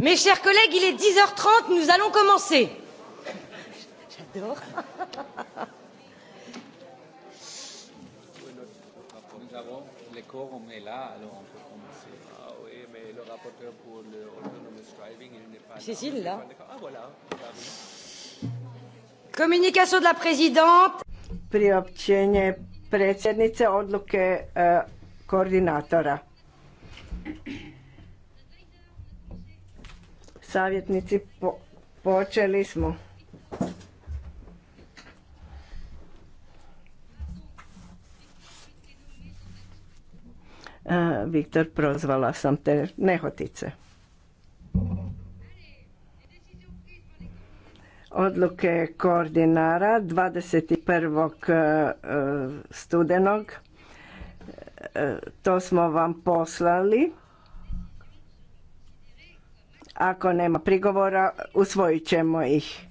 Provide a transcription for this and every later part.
Mes chers collègues, il est 10h30, nous allons commencer. J'adore. Nous avons le corps, on est là, alors on peut commencer. Ah oui, mais le rapporteur pour le autonomous driving, il n'est pas Cécile, là. Ah voilà. Ah Communication de la présidente. Priopćenje predsjednice odluke eh, koordinatora savjetnici, počeli smo. E, Viktor, prozvala sam te nehotice. Odluke koordinara 21. E, studenog. E, to smo vam poslali. Ako nema prigovora, usvojit ćemo ih.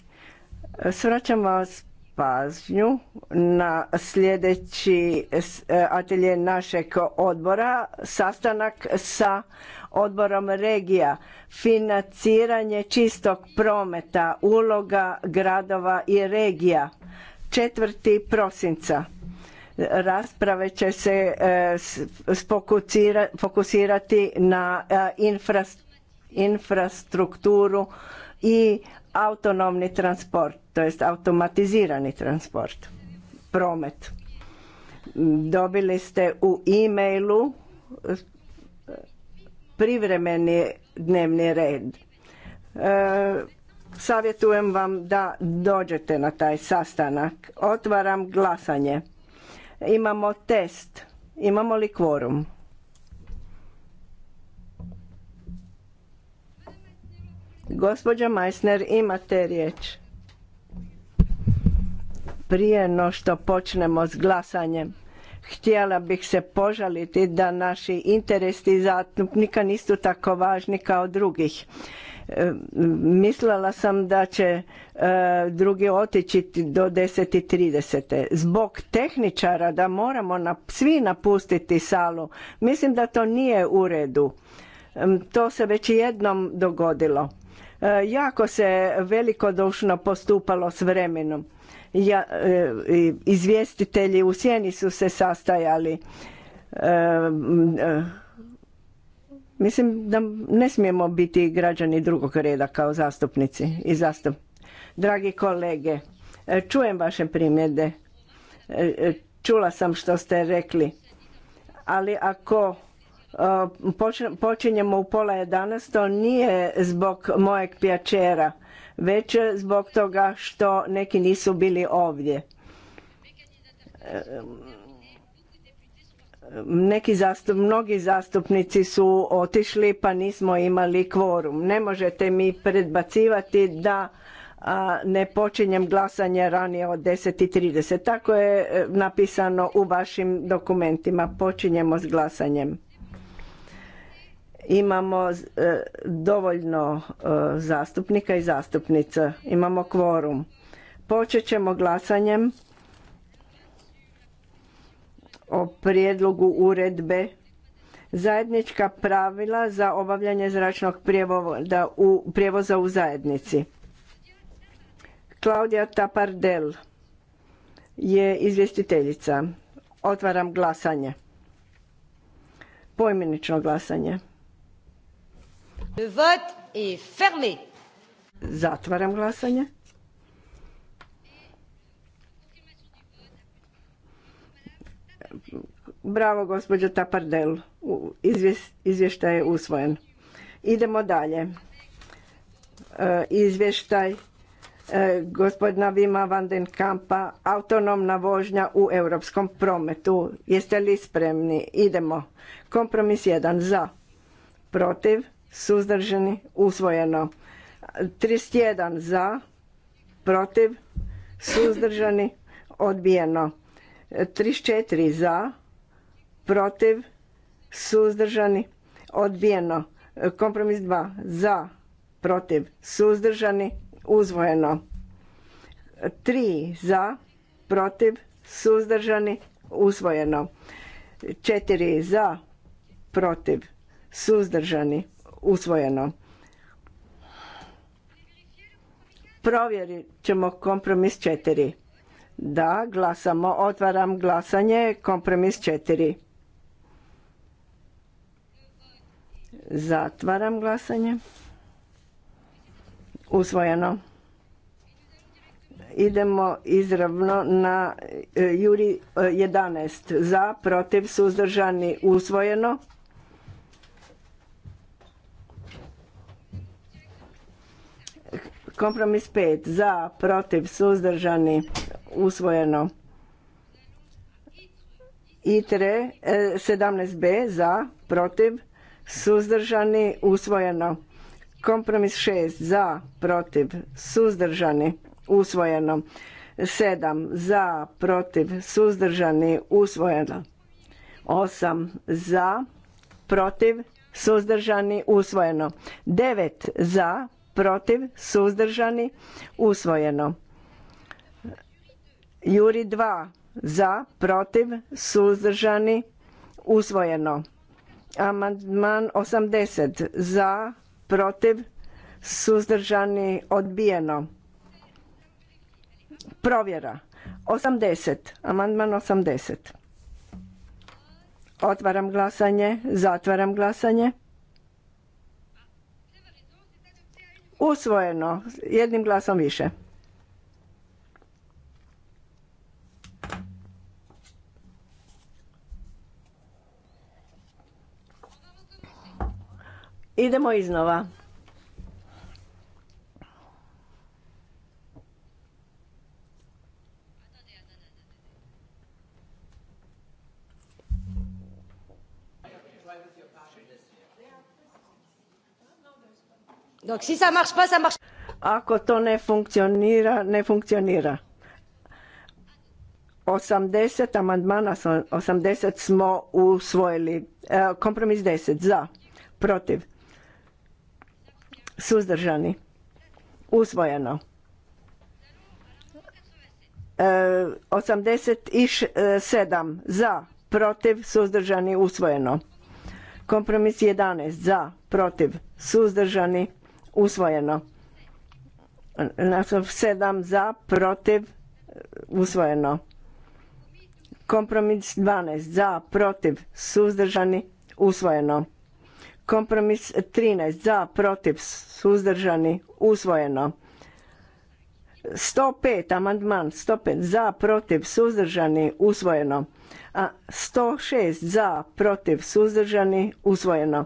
Svraćam vas pažnju na sljedeći e, atelje našeg odbora, sastanak sa odborom regija, financiranje čistog prometa, uloga gradova i regija, 4. prosinca. Rasprave će se e, fokusirati na e, infrastrukturu infrastrukturu i autonomni transport, to jest automatizirani transport, promet. Dobili ste u e-mailu eh, privremeni dnevni red. E, savjetujem vam da dođete na taj sastanak. Otvaram glasanje. Imamo test. Imamo li kvorum? Gospođa Majsner, imate riječ. Prije no što počnemo s glasanjem, htjela bih se požaliti da naši interesi zastupnika nisu tako važni kao drugih. E, mislila sam da će e, drugi otići do 10.30. Zbog tehničara da moramo na, svi napustiti salu, mislim da to nije u redu. E, to se već jednom dogodilo E, jako se velikodušno postupalo s vremenom. E, izvjestitelji u sjeni su se sastajali. E, mislim da ne smijemo biti građani drugog reda kao zastupnici i zastup. Dragi kolege, čujem vaše primjede. Čula sam što ste rekli. Ali ako počinjemo u pola 11, to nije zbog mojeg pjačera, već zbog toga što neki nisu bili ovdje. Neki mnogi zastupnici su otišli pa nismo imali kvorum. Ne možete mi predbacivati da ne počinjem glasanje ranije od 10.30. Tako je e, napisano u vašim dokumentima. Počinjemo s glasanjem imamo e, dovoljno e, zastupnika i zastupnica. Imamo kvorum. Počet ćemo glasanjem o prijedlogu uredbe zajednička pravila za obavljanje zračnog prijevoza u, prijevoza u zajednici. Klaudija Tapardel je izvjestiteljica. Otvaram glasanje. Pojmenično glasanje. Le vote est Zatvaram glasanje. Bravo, gospođo Tapardel. Izvještaj je usvojen. Idemo dalje. E, izvještaj e, gospodina Vima van den Kampa, autonomna vožnja u europskom prometu. Jeste li spremni? Idemo. Kompromis 1 za, protiv, suzdržani, usvojeno. 31 za, protiv, suzdržani, odbijeno. 34 za, protiv, suzdržani, odbijeno. Kompromis 2 za, protiv, suzdržani, uzvojeno. 3 za, protiv, suzdržani, usvojeno. 4 za, protiv, suzdržani, usvojeno. Provjerit ćemo kompromis 4. Da, glasamo. Otvaram glasanje. Kompromis 4. Zatvaram glasanje. Usvojeno. Idemo izravno na e, Juri 11. E, Za, protiv, suzdržani, usvojeno. Kompromis 5 za, protiv, suzdržani, usvojeno. ITRE 17B e, za, protiv, suzdržani, usvojeno. Kompromis 6 za, protiv, suzdržani, usvojeno. 7 za, protiv, suzdržani, usvojeno. 8 za, protiv, suzdržani, usvojeno. 9 za, protiv, suzdržani, usvojeno. Juri 2 za, protiv, suzdržani, usvojeno. Amandman 80 za, protiv, suzdržani, odbijeno. Provjera. 80. Amandman 80. Otvaram glasanje, zatvaram glasanje. Usvojeno, jednim glasom više. Idemo iznova. Donc, si ça marche pas, ça marche. Ako to ne funkcionira, ne funkcionira. 80 amandmana, 80 smo usvojili. E, kompromis 10 za, protiv, suzdržani, usvojeno. 87 e, e, za, protiv, suzdržani, usvojeno. Kompromis 11 za, protiv, suzdržani, usvojeno usvojeno. Naslov 7 za, protiv, usvojeno. Kompromis 12 za, protiv, suzdržani, usvojeno. Kompromis 13 za, protiv, suzdržani, usvojeno. 105 amandman 105 za, protiv, suzdržani, usvojeno. A 106 za, protiv, suzdržani, usvojeno.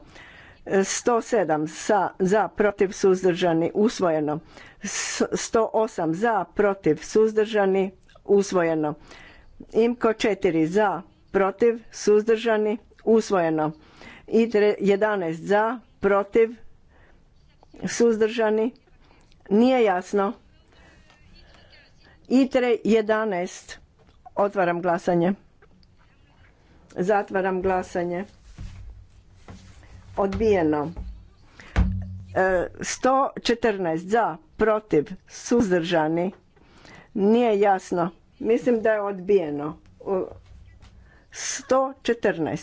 107 sa, za, protiv, suzdržani, usvojeno. 108 za, protiv, suzdržani, usvojeno. Imko 4 za, protiv, suzdržani, usvojeno. I 11 za, protiv, suzdržani, nije jasno. ITRE 11. Otvaram glasanje. Zatvaram glasanje odbijeno. 114 e, za, protiv, suzdržani. Nije jasno. Mislim da je odbijeno. 114.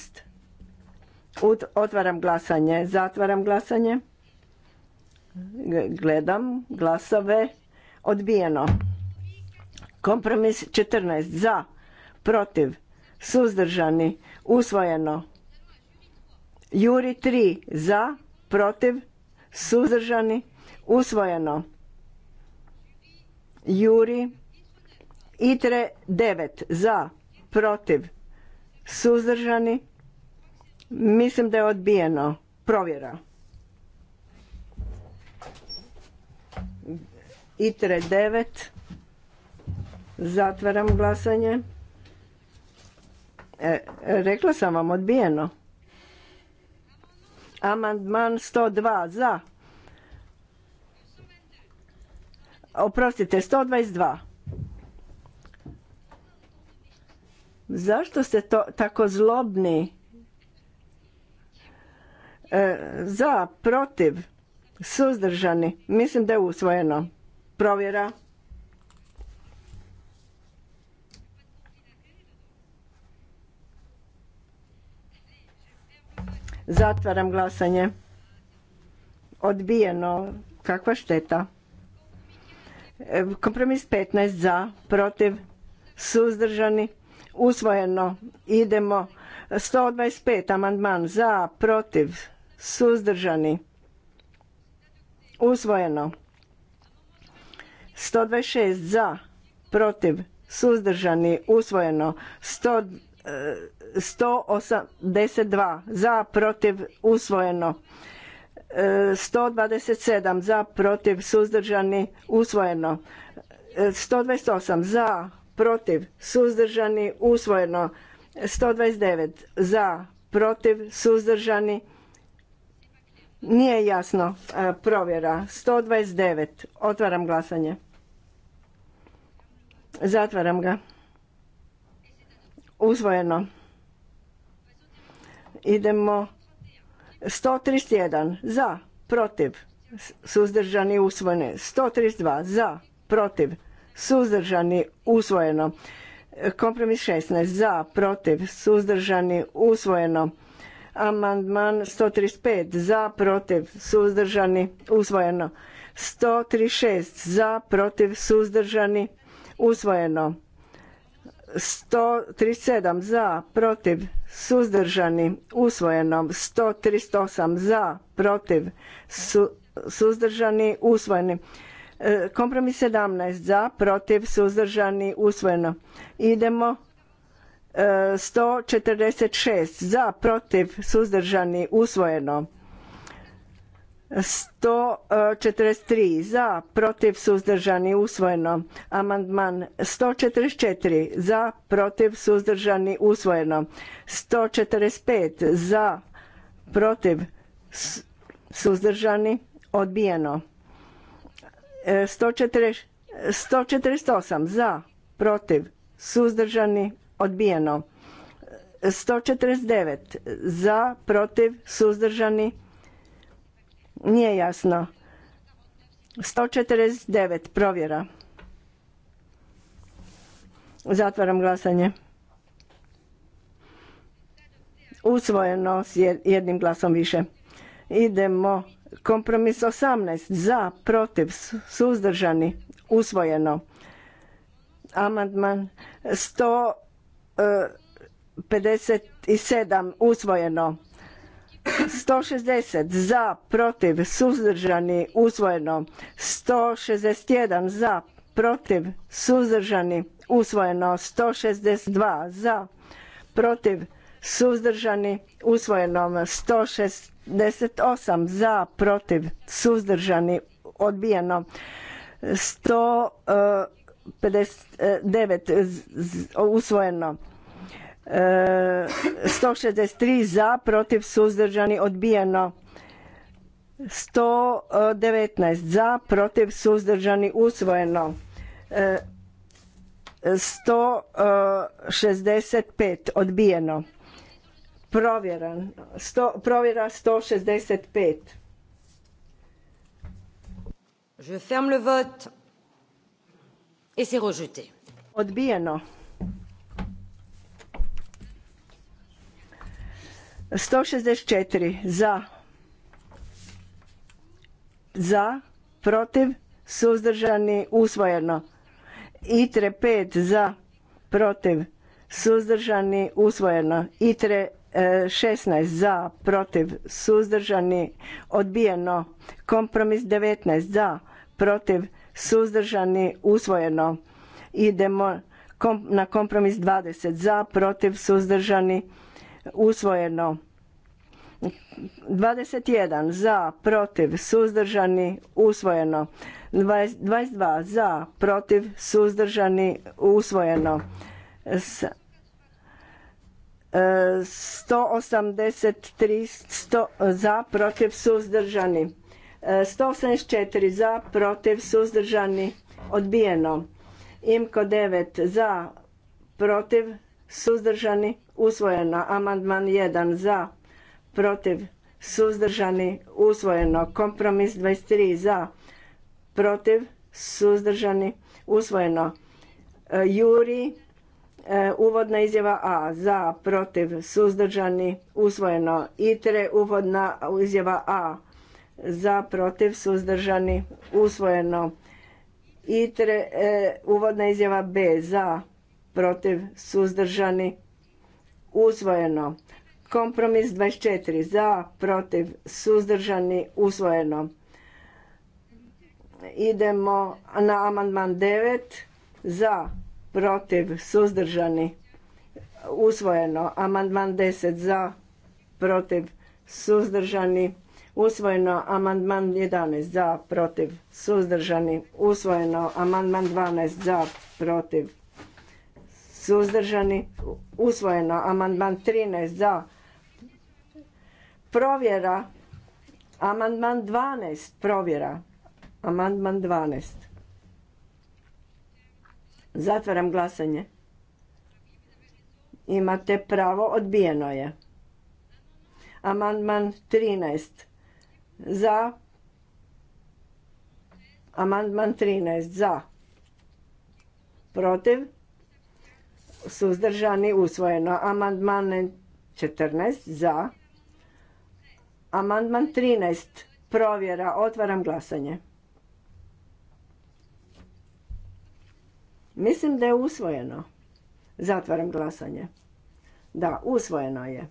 Otvaram glasanje, zatvaram glasanje. Gledam glasove. Odbijeno. Kompromis 14 za, protiv, suzdržani, usvojeno. Juri 3 za, protiv, suzdržani, usvojeno. Juri Itre 9 za, protiv, suzdržani, mislim da je odbijeno. Provjera. Itre 9. Zatvaram glasanje. E, rekla sam vam odbijeno. Amandman 102 za. Oprostite, 122. Zašto ste to tako zlobni? E, za, protiv, suzdržani. Mislim da je usvojeno. Provjera. Zatvaram glasanje. Odbijeno. Kakva šteta. E, kompromis 15 za, protiv, suzdržani, usvojeno. Idemo 125 amandman za, protiv, suzdržani, usvojeno. 126 za, protiv, suzdržani, usvojeno. 100 182 za protiv usvojeno 127 e, za protiv suzdržani usvojeno 128 e, za protiv suzdržani usvojeno 129 za protiv suzdržani nije jasno e, provjera 129 otvaram glasanje zatvaram ga usvojeno Idemo 131 za, protiv, suzdržani usvojeni. 132 za, protiv, suzdržani usvojeno. Kompromis 16 za, protiv, suzdržani usvojeno. Amandman 135 za, protiv, suzdržani usvojeno. 136 za, protiv, suzdržani usvojeno. 137 za, protiv, suzdržani, usvojeno 138 za, protiv, suzdržani, usvojeni. E, kompromis 17 za, protiv, suzdržani, usvojeno. Idemo 146 e, za, protiv, suzdržani, usvojeno. 143 za, protiv suzdržani usvojeno. Amandman 144 za, protiv suzdržani usvojeno. 145 za, protiv suzdržani odbijeno. 148 e, za, protiv suzdržani odbijeno. 149 e, za, protiv suzdržani nije jasno. 149 provjera. Zatvaram glasanje. Usvojeno s jednim glasom više. Idemo. Kompromis 18. Za, protiv, suzdržani. Usvojeno. Amandman 157. E, usvojeno. 160 za, protiv, suzdržani, usvojeno. 161 za, protiv, suzdržani, usvojeno. 162 za, protiv, suzdržani, usvojeno. 168 za, protiv, suzdržani, odbijeno. 159 eh, eh, usvojeno. 163 za, protiv, suzdržani, odbijeno. 119 za, protiv, suzdržani, usvojeno. 165 e, odbijeno. Provjeran. Sto, provjera 165. Je ferme le vote. Et c'est rejeté. Odbijeno. 164 za za protiv suzdržani usvojeno itre 5 za protiv suzdržani usvojeno itre 16 e, za protiv suzdržani odbijeno kompromis 19 za protiv suzdržani usvojeno idemo na kompromis 20 za protiv suzdržani usvojeno 21 za protiv suzdržani usvojeno 22 za protiv suzdržani usvojeno 183 100, e, za protiv suzdržani 184 e, za protiv suzdržani odbijeno imko 9 za protiv suzdržani, usvojeno. Amandman 1 za, protiv, suzdržani, usvojeno. Kompromis 23 za, protiv, suzdržani, usvojeno. E, Juri, e, uvodna izjava A, za, protiv, suzdržani, usvojeno. Itre, uvodna izjava A, za, protiv, suzdržani, usvojeno. Itre, e, uvodna izjava B, za, protiv, suzdržani, usvojeno. Kompromis 24 za, protiv, suzdržani, usvojeno. Idemo na amandman 9 za, protiv, suzdržani, usvojeno. Amandman 10 za, protiv, suzdržani, usvojeno. Amandman 11 za, protiv, suzdržani, usvojeno. Amandman 12 za, protiv, suzdržani, usvojeno. Amandman 13 za, provjera. Amandman 12, provjera. Amandman 12. Zatvaram glasanje. Imate pravo, odbijeno je. Amandman 13. Za. Amandman 13. Za. Protiv suzdržani usvojeno. Amandman 14 za. Amandman 13 provjera. Otvaram glasanje. Mislim da je usvojeno. Zatvaram glasanje. Da, usvojeno je.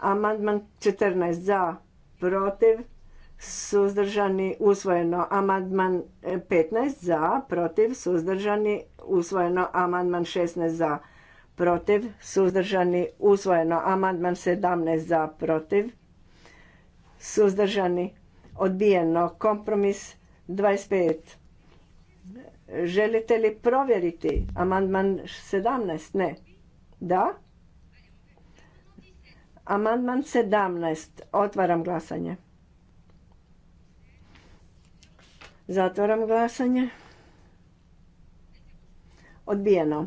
Amandman 14 za, protiv, suzdržani usvojeno amandman 15 e, za protiv suzdržani usvojeno amandman 16 za protiv suzdržani usvojeno amandman 17 za protiv suzdržani odbijeno kompromis 25 želite li provjeriti amandman 17 ne da amandman 17 otvaram glasanje Zatvaram glasanje. Odbijeno.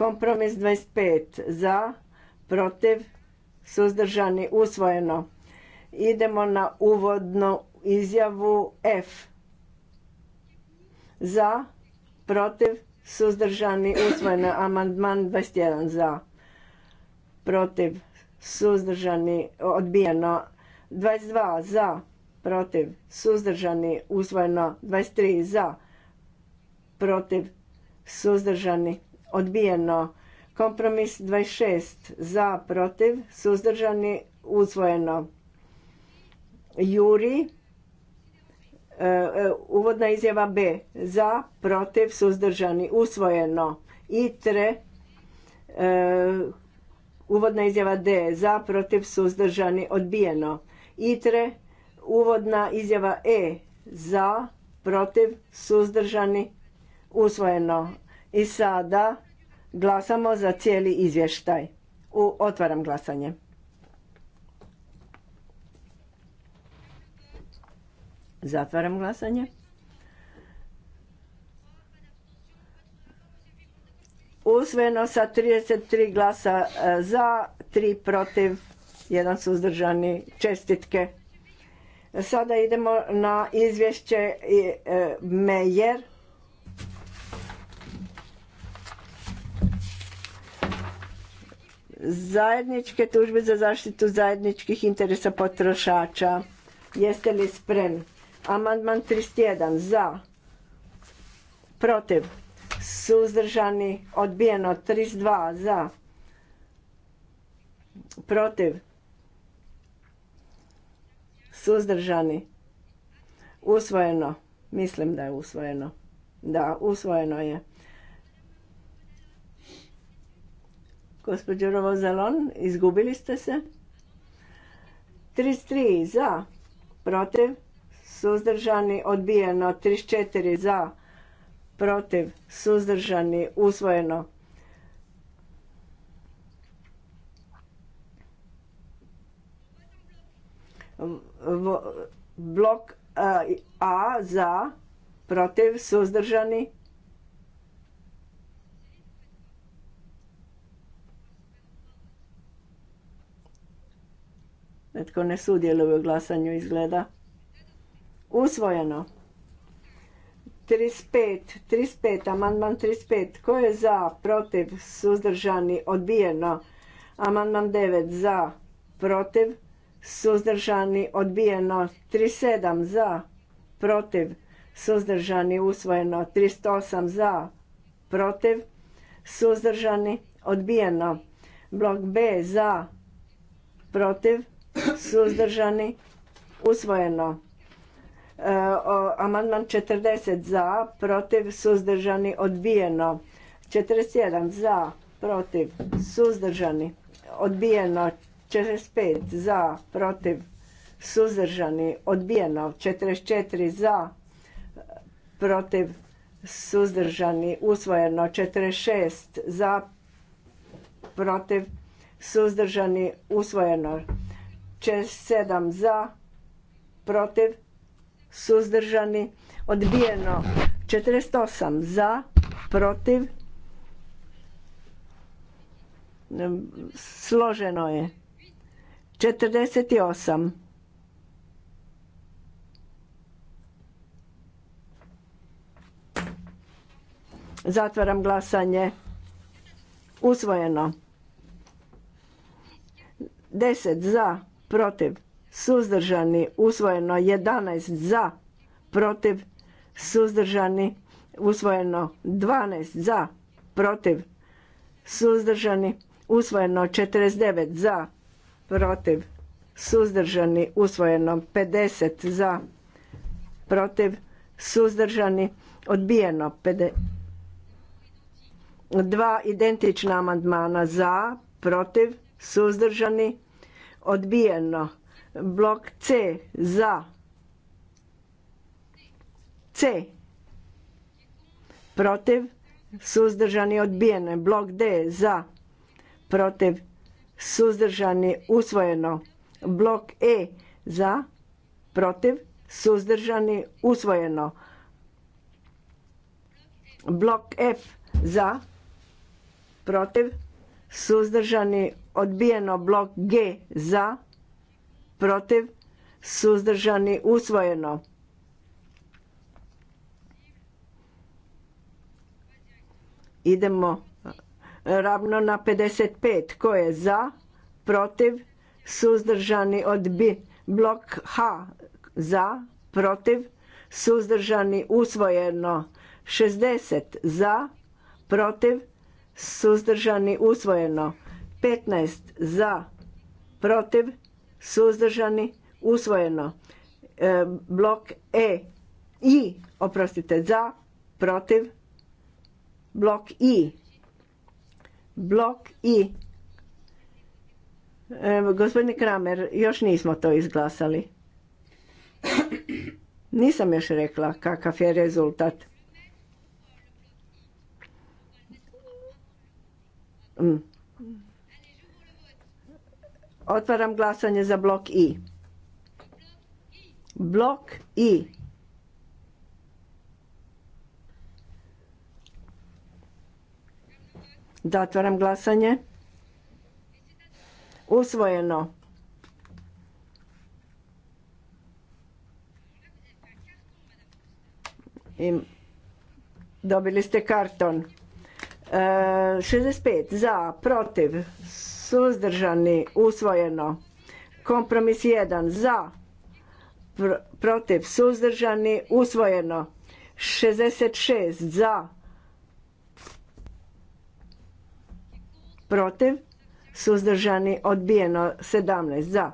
Kompromis 25 za, protiv, suzdržani, usvojeno. Idemo na uvodnu izjavu F. Za, protiv, suzdržani, usvojeno. Amandman 21 za, protiv, suzdržani, odbijeno. 22 za, protiv, suzdržani, uzvojeno 23 za, protiv, suzdržani, odbijeno, kompromis 26 za, protiv, suzdržani, uzvojeno. Juri, e, e, uvodna izjava B, za, protiv, suzdržani, usvojeno. I tre, e, uvodna izjava D, za, protiv, suzdržani, odbijeno. I tre, Uvodna izjava E za, protiv, suzdržani, usvojeno. I sada glasamo za cijeli izvještaj. U, otvaram glasanje. Zatvaram glasanje. Usvojeno sa 33 glasa e, za, 3 protiv, jedan suzdržani. Čestitke. Sada idemo na izvješće e, Mejer. Zajedničke tužbe za zaštitu zajedničkih interesa potrošača. Jeste li spremni? Amandman 31. Za. Protiv. Suzdržani. Odbijeno. 32. Za. Protiv. Suzdržani. Usvojeno. Mislim da je usvojeno. Da, usvojeno je. Gospodin Rovozalon, izgubili ste se. 33 za, protiv, suzdržani, odbijeno. 34 za, protiv, suzdržani, usvojeno blok A za, protiv, suzdržani. Netko ne sudjeluje u glasanju izgleda. Usvojeno. 35, 35, amandman 35. Ko je za, protiv, suzdržani, odbijeno? Amandman 9 za, protiv, suzdržani odbijeno 37 za protiv suzdržani usvojeno 308 za protiv suzdržani odbijeno blok B za protiv suzdržani usvojeno e, amandman 40 za protiv suzdržani odbijeno 41 za protiv suzdržani odbijeno 45 za, protiv, suzdržani, odbijeno. 44 za, protiv, suzdržani, usvojeno. 46 za, protiv, suzdržani, usvojeno. 47 za, protiv, suzdržani, odbijeno. 48 za, protiv, složeno je. 48. Zatvaram glasanje. Usvojeno. 10 za, protiv, suzdržani, usvojeno. 11 za, protiv, suzdržani, usvojeno. 12 za, protiv, suzdržani, usvojeno. 49 za, protiv, protiv, suzdržani, usvojeno. 50 za, protiv, suzdržani, odbijeno. Dva identična amandmana za, protiv, suzdržani, odbijeno. Blok C za, C protiv, suzdržani, odbijeno. Blok D za, protiv, suzdržani usvojeno. Blok E za, protiv, suzdržani usvojeno. Blok F za, protiv, suzdržani odbijeno. Blok G za, protiv, suzdržani usvojeno. Idemo ravno na 55. Tko je za? Protiv? Suzdržani odbi. Blok H za? Protiv? Suzdržani usvojeno. 60 za? Protiv? Suzdržani usvojeno. 15 za? Protiv? Suzdržani usvojeno. E, blok E i, oprostite, za, protiv, blok I Blok i... gospodine Kramer, još nismo to izglasali. Nisam još rekla kakav je rezultat. Mm. Otvaram glasanje za blok I. Blok I. Zatvaram glasanje. Usvojeno. dobili ste karton. 65 e, za, protiv, suzdržani, usvojeno. Kompromis 1 za, protiv, suzdržani, usvojeno. 66 za, protiv, suzdržani, odbijeno 17 za,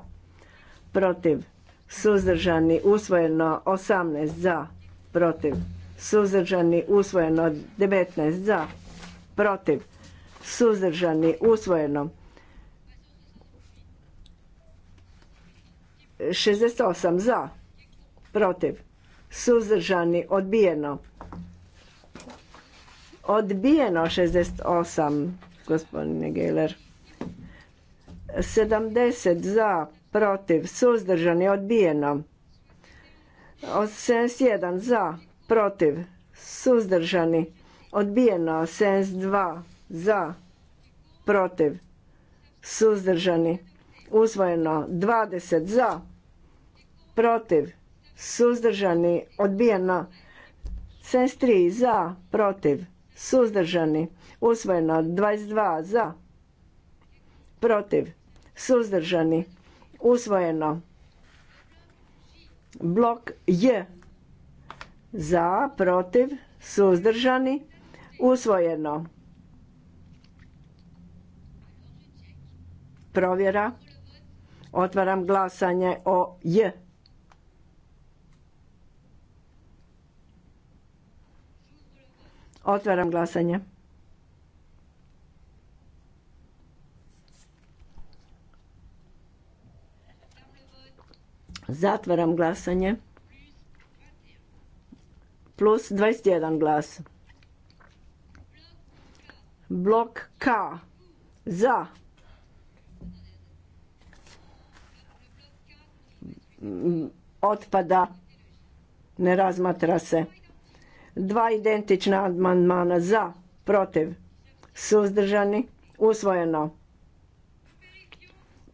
protiv, suzdržani, usvojeno 18 za, protiv, suzdržani, usvojeno 19 za, protiv, suzdržani, usvojeno 68 za, protiv, suzdržani, odbijeno. Odbijeno 68 gospodine Geller. 70 za, protiv, suzdržani, odbijeno. 71 za, protiv, suzdržani, odbijeno. 72 za, protiv, suzdržani, usvojeno. 20 za, protiv, suzdržani, odbijeno. 73 za, protiv, suzdržani, usvojeno 22 za, protiv, suzdržani, usvojeno blok J za, protiv, suzdržani, usvojeno. Provjera. Otvaram glasanje o J. Otvaram glasanje. Zatvaram glasanje. Plus 21 glas. Blok K. Za. Otpada. Ne razmatra se. Dva identična amandmana za, protiv, suzdržani, usvojeno.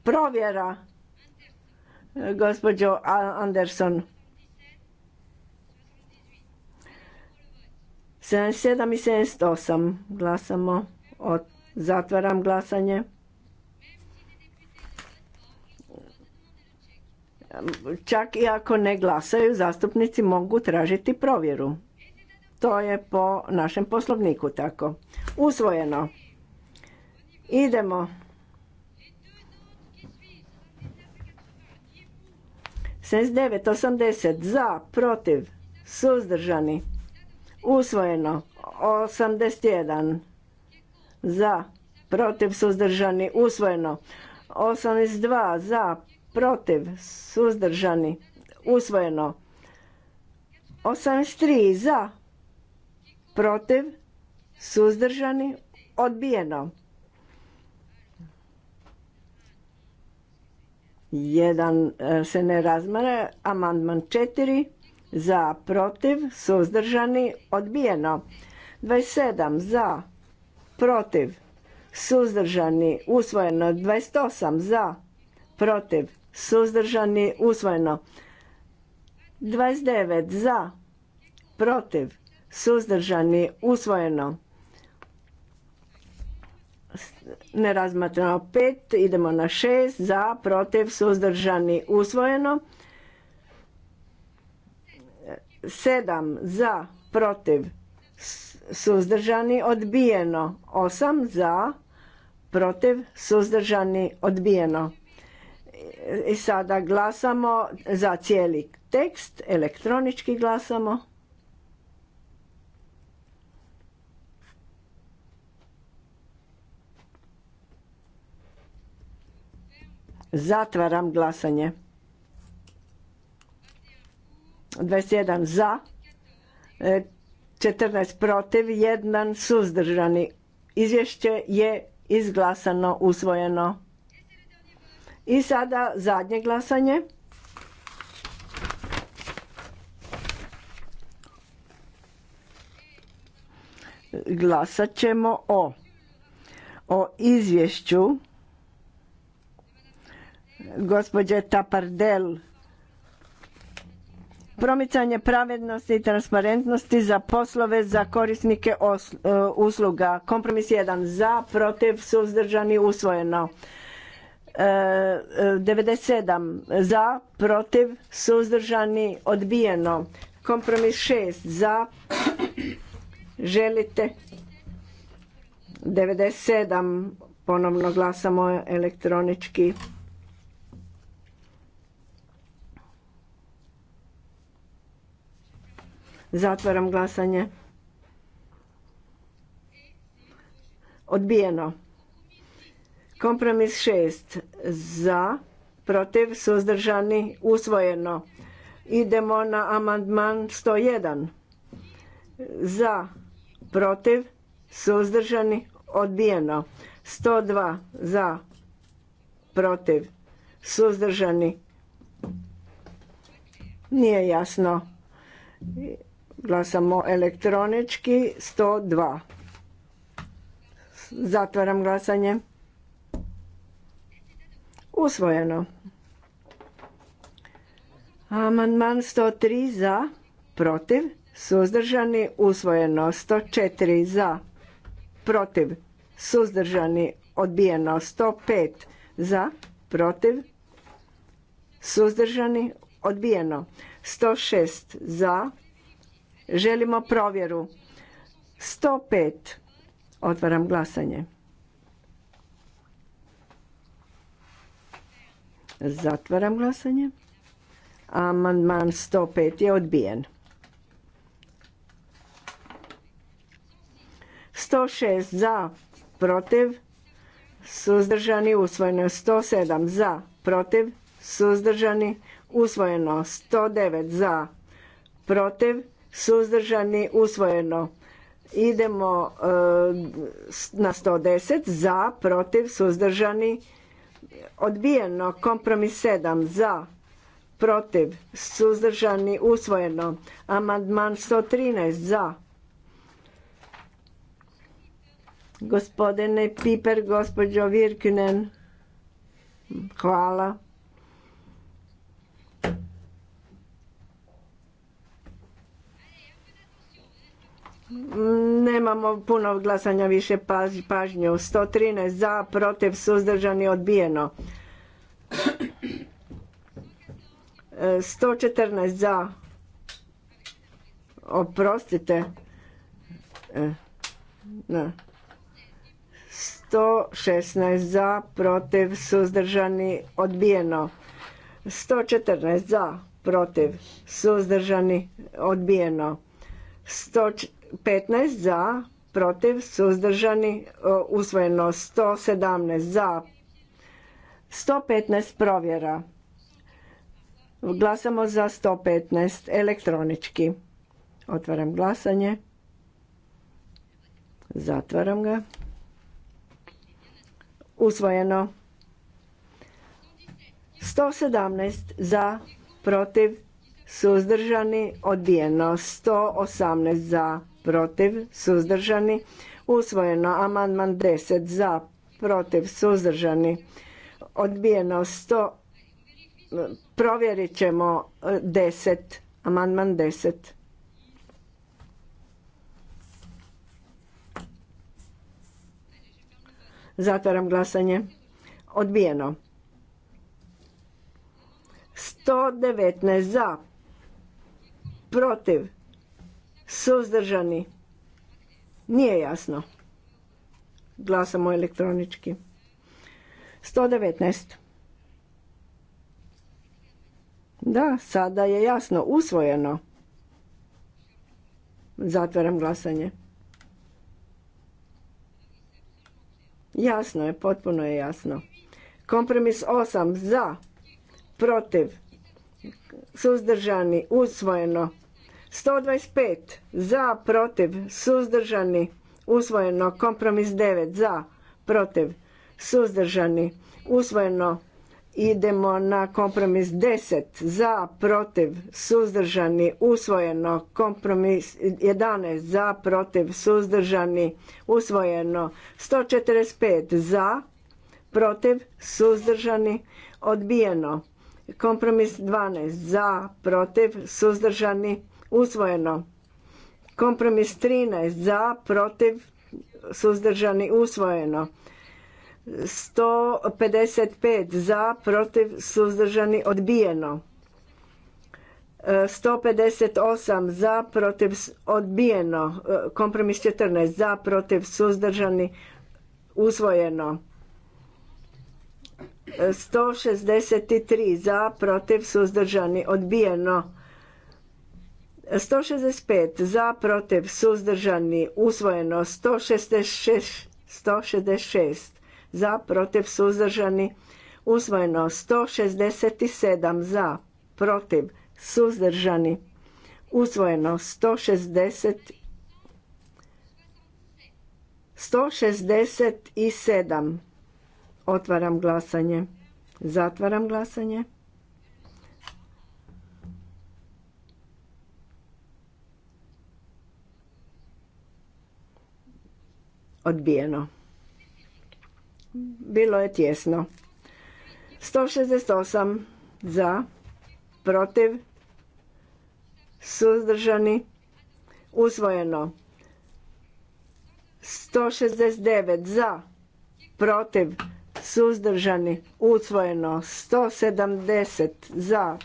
Provjera, gospođo Anderson. 77 i 78 glasamo. Od, zatvaram glasanje. Čak i ako ne glasaju, zastupnici mogu tražiti provjeru. To je po našem poslovniku tako. Usvojeno. Idemo. 9, 80. za, protiv, suzdržani. Usvojeno. 81 za, protiv, suzdržani. Usvojeno. 82 za, protiv, suzdržani. Usvojeno. 83 za, protiv, suzdržani, odbijeno. Jedan e, se ne razmara, amandman četiri, za, protiv, suzdržani, odbijeno. 27 za, protiv, suzdržani, usvojeno. 28 za, protiv, suzdržani, usvojeno. 29 za, protiv, suzdržani, usvojeno. Ne razmatramo pet, idemo na šest, za, protiv, suzdržani, usvojeno. Sedam, za, protiv, suzdržani, odbijeno. Osam, za, protiv, suzdržani, odbijeno. I sada glasamo za cijeli tekst, elektronički glasamo. Zatvaram glasanje. 21 za, 14 e, protiv, 1 suzdržani. Izvješće je izglasano, usvojeno. I sada zadnje glasanje. Glasat ćemo o, o izvješću gospođe Tapardel. Promicanje pravednosti i transparentnosti za poslove za korisnike e, usluga. Kompromis 1 za, protiv, suzdržani, usvojeno. 97 e, e, za, protiv, suzdržani, odbijeno. Kompromis 6 za, želite 97 ponovno glasamo elektronički. Zatvaram glasanje. Odbijeno. Kompromis šest. Za, protiv, suzdržani, usvojeno. Idemo na amandman 101. Za, protiv, suzdržani, odbijeno. 102 za, protiv, suzdržani. Nije jasno. Glasamo elektronički 102. Zatvaram glasanje. Usvojeno. Amandman 103 za, protiv, suzdržani, usvojeno. 104 za, protiv, suzdržani, odbijeno. 105 za, protiv, suzdržani, odbijeno. 106 za, Želimo provjeru. 105. Otvaram glasanje. Zatvaram glasanje. Amandman 105 je odbijen. 106 za, protiv, suzdržani, usvojeno 107 za, protiv, suzdržani, usvojeno 109 za, protiv, suzdržani usvojeno idemo e, na 110 za protiv suzdržani odbijeno kompromis 7 za protiv suzdržani usvojeno amandman 113 za gospodine Piper gospođo Virkinen hvala Nemamo puno glasanja više pažnju. 113 za, protiv, suzdržani, odbijeno. 114 za. Oprostite. E, Na. 116 za, protiv, suzdržani, odbijeno. 114 za, protiv, suzdržani, odbijeno. 114 15 za, protiv, suzdržani, e, usvojeno 117 za, 115 provjera. Glasamo za 115 elektronički. Otvaram glasanje. Zatvaram ga. Usvojeno. 117 za, protiv, suzdržani, odbijeno. 118 za, protiv, suzdržani, usvojeno. Amandman 10 za, protiv, suzdržani, odbijeno 100, provjerit ćemo 10, e, amandman 10. Zatvaram glasanje. Odbijeno. 119 za. Protiv. Suzdržani. Nije jasno. Glasamo elektronički. 119. Da, sada je jasno usvojeno. Zatvaram glasanje. Jasno je, potpuno je jasno. Kompromis 8 za, protiv, suzdržani, usvojeno. 125 za, protiv, suzdržani, usvojeno. Kompromis 9 za, protiv, suzdržani, usvojeno. Idemo na kompromis 10 za, protiv, suzdržani, usvojeno. Kompromis 11 za, protiv, suzdržani, usvojeno. 145 za, protiv, suzdržani, odbijeno. Kompromis 12 za, protiv, suzdržani, usvojeno. Kompromis 13 za, protiv, suzdržani, usvojeno. 155 za, protiv, suzdržani, odbijeno. 158 e, za, protiv, odbijeno. E, kompromis 14 za, protiv, suzdržani, usvojeno. 163 e, za, protiv, suzdržani, odbijeno. 165 za protiv suzdržani usvojeno 166 166 za protiv suzdržani usvojeno 167 za protiv suzdržani usvojeno 160 167 otvaram glasanje zatvaram glasanje odbijeno. Bilo je tjesno. 168 za, protiv, suzdržani, usvojeno. 169 za, protiv, suzdržani, usvojeno. 170 za,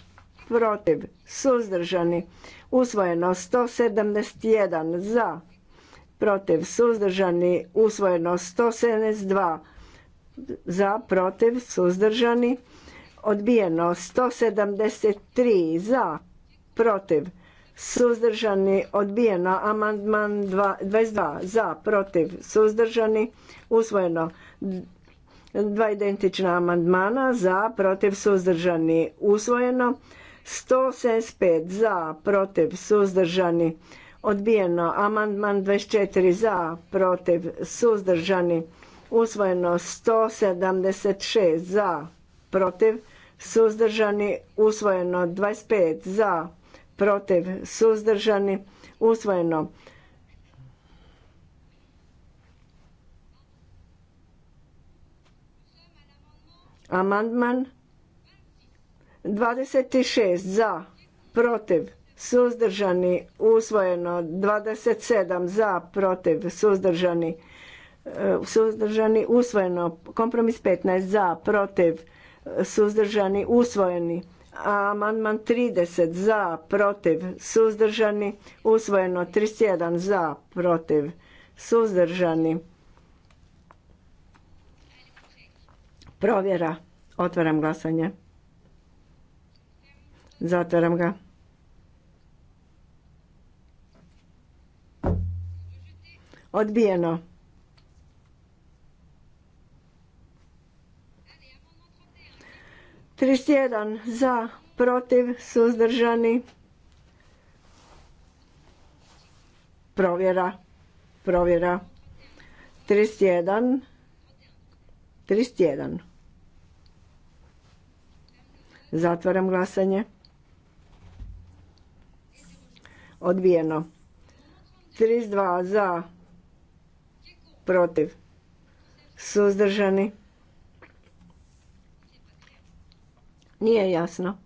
protiv, suzdržani, usvojeno. 171 za, protiv suzdržani usvojeno 172 za protiv suzdržani odbijeno 173 za protiv suzdržani odbijeno amandman 22 za protiv suzdržani usvojeno dva identična amandmana za protiv suzdržani usvojeno 175 za protiv suzdržani odbijeno amandman 24 za protiv suzdržani usvojeno 176 za protiv suzdržani usvojeno 25 za protiv suzdržani usvojeno amandman 26 za protiv suzdržani usvojeno 27 za protiv suzdržani e, suzdržani usvojeno kompromis 15 za protiv suzdržani usvojeni amandman 30 za protiv suzdržani usvojeno 31 za protiv suzdržani provjera otvaram glasanje zatvaram ga Odbijeno. Trišt jedan za, protiv, suzdržani. Provjera. Provjera. 31. 31. Zatvaram glasanje. Odbijeno. dva za, protiv, suzdržani, nije jasno.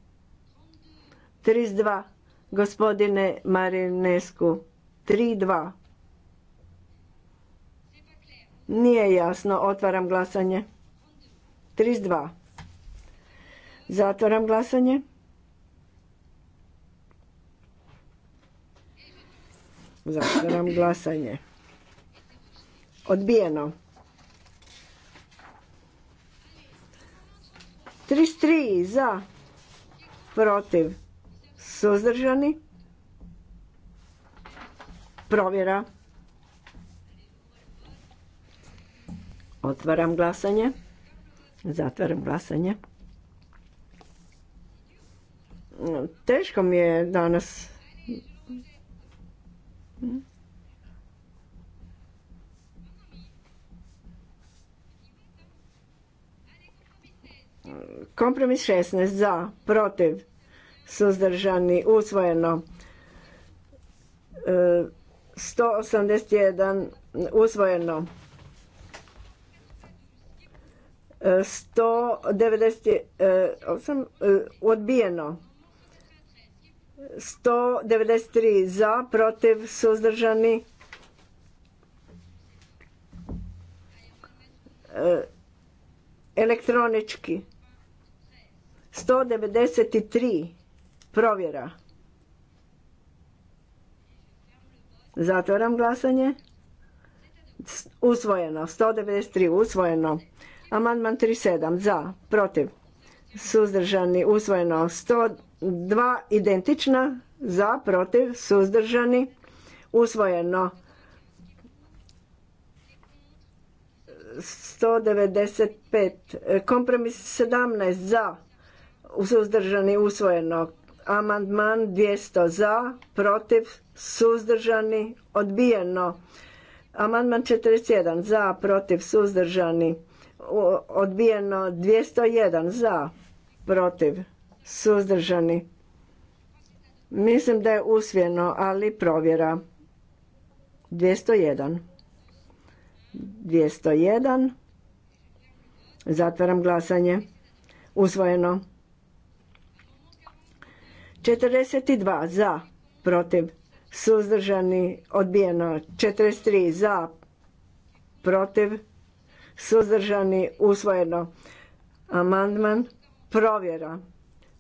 32, gospodine Marinesku, 32. Nije jasno, otvaram glasanje. 32. Zatvaram glasanje. Zatvaram glasanje. Odbijeno. 33 za, protiv, suzdržani. Provjera. Otvaram glasanje. Zatvaram glasanje. Teško mi je danas. Kompromis 16 za, protiv, suzdržani, usvojeno. 181 e, usvojeno. 198 e, e, odbijeno. 193 za, protiv, suzdržani. Elektronički. 193 provjera. Zatvaram glasanje. Usvojeno. 193 usvojeno. Amandman 37 za, protiv. Suzdržani usvojeno. 102 identična za, protiv, suzdržani usvojeno. 195 kompromis 17 za suzdržani usvojeno amandman 200 za protiv suzdržani odbijeno amandman 41 za protiv suzdržani odbijeno 201 za protiv suzdržani mislim da je usvijeno, ali provjera 201 201 zatvaram glasanje usvojeno 42 za, protiv, suzdržani, odbijeno. 43 za, protiv, suzdržani, usvojeno. Amandman, provjera.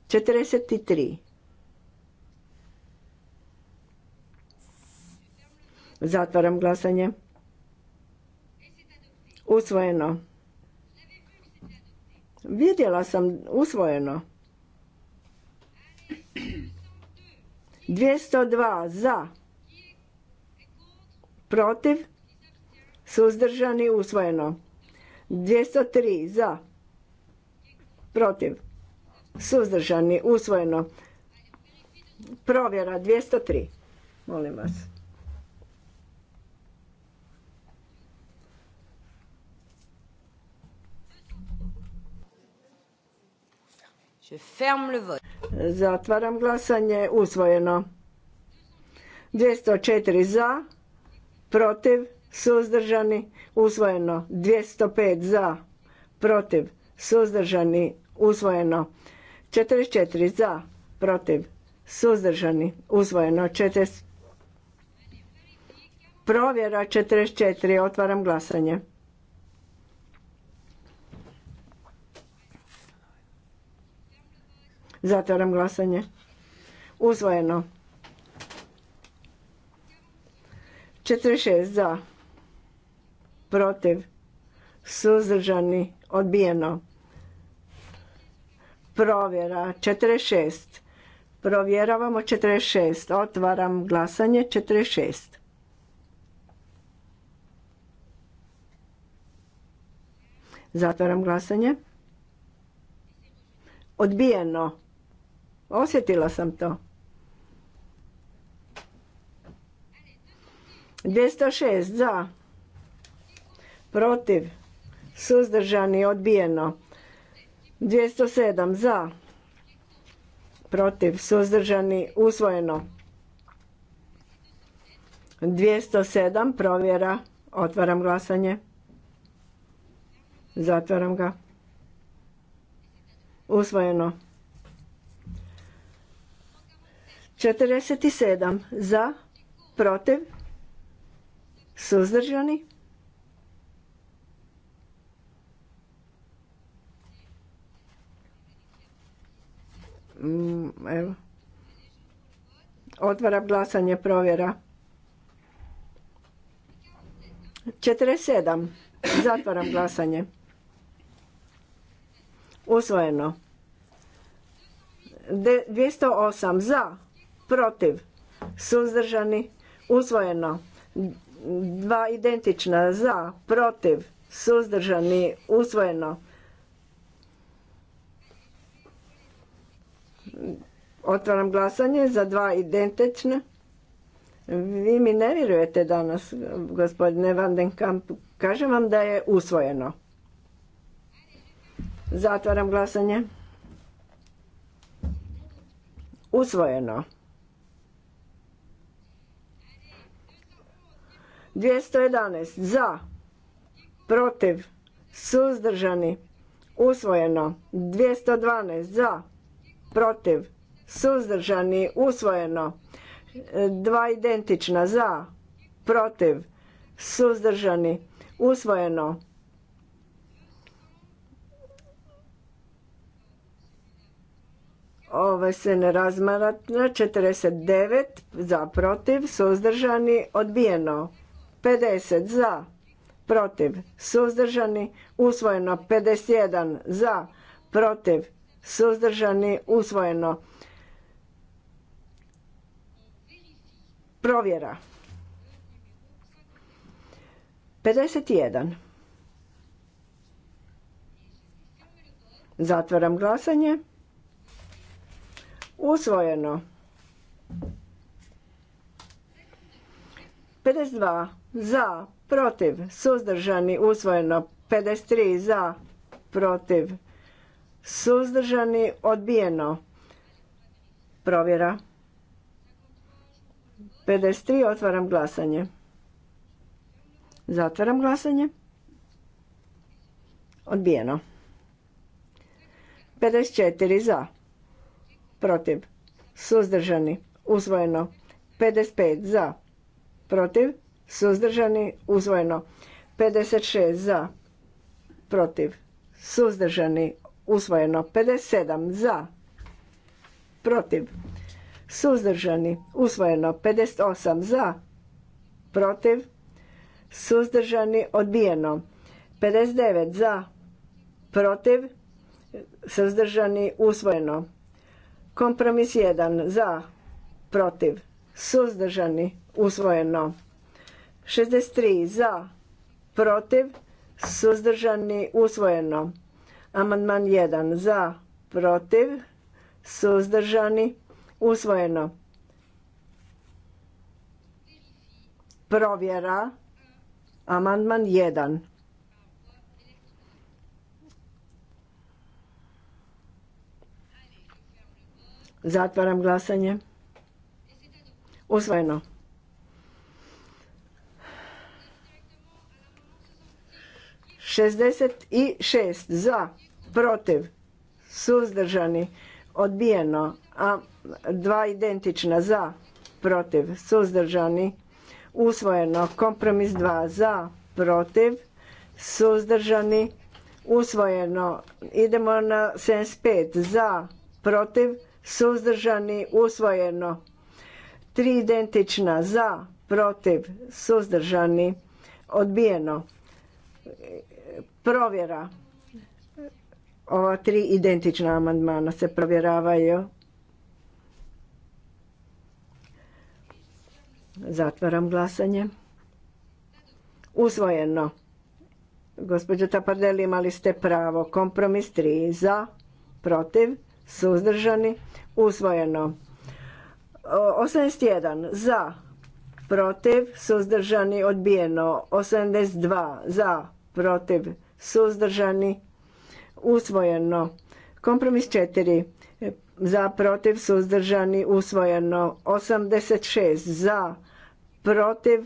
43. Zatvaram glasanje. Usvojeno. Vidjela sam usvojeno. 202 za protiv suzdržani usvojeno 203 za protiv suzdržani usvojeno provjera 203 molim vas Zatvaram glasanje. Usvojeno. 204 za, protiv, suzdržani, usvojeno. 205 za, protiv, suzdržani, usvojeno. 44 za, protiv, suzdržani, usvojeno. 40... Provjera 44. Otvaram glasanje. Zatvaram glasanje. Uzvojeno. 46 za. Protiv. Suzdržani. Odbijeno. Provjera. 46. Provjeravamo 46. Otvaram glasanje 46. Zatvaram glasanje. Odbijeno. Osjetila sam to. 206 za. Protiv. Suzdržani odbijeno. 207 za. Protiv. Suzdržani usvojeno. 207 provjera. Otvaram glasanje. Zatvaram ga. Usvojeno. 47 za, protiv, suzdržani. Mm, evo. Otvaram glasanje provjera. 47. Zatvaram glasanje. Usvojeno. 208 za protiv, suzdržani, usvojeno. Dva identična za, protiv, suzdržani, usvojeno. Otvaram glasanje za dva identična. Vi mi ne vjerujete danas, gospodine Van den Kamp. Kažem vam da je usvojeno. Zatvaram glasanje. Usvojeno. 211 za, protiv, suzdržani, usvojeno. 212 za, protiv, suzdržani, usvojeno. Dva identična za, protiv, suzdržani, usvojeno. Ove se ne razmaratne. 49 za protiv, suzdržani, odbijeno. 50 za, protiv, suzdržani, usvojeno. 51 za, protiv, suzdržani, usvojeno. Provjera. 51. Zatvaram glasanje. Usvojeno. 52 za, protiv, suzdržani, usvojeno. 53 za, protiv, suzdržani, odbijeno. Provjera. 53, otvaram glasanje. Zatvaram glasanje. Odbijeno. 54 za, protiv, suzdržani, usvojeno. 55 za, protiv, suzdržani, uzvojeno. 56 za, protiv, suzdržani, usvojeno. 57 za, protiv, suzdržani, usvojeno. 58 za, protiv, suzdržani, odbijeno. 59 za, protiv, suzdržani, usvojeno. Kompromis 1 za, protiv, suzdržani, usvojeno. 63 za, protiv, suzdržani, usvojeno. Amandman 1 za, protiv, suzdržani, usvojeno. Provjera. Amandman 1. Zatvaram glasanje. Usvojeno. 66 za, protiv, suzdržani, odbijeno, a dva identična za, protiv, suzdržani, usvojeno, kompromis dva za, protiv, suzdržani, usvojeno, idemo na 75 za, protiv, suzdržani, usvojeno, tri identična za, protiv, suzdržani, odbijeno Provjera. Ova tri identična amandmana se provjeravaju. Zatvaram glasanje. Usvojeno. Gospođo Tapardeli, imali ste pravo. Kompromis 3 za, protiv, suzdržani, usvojeno. 81 za, protiv, suzdržani, odbijeno. 82 za, protiv, suzdržani, usvojeno. Kompromis 4 za, protiv, suzdržani, usvojeno. 86 mm, e, e, za, protiv,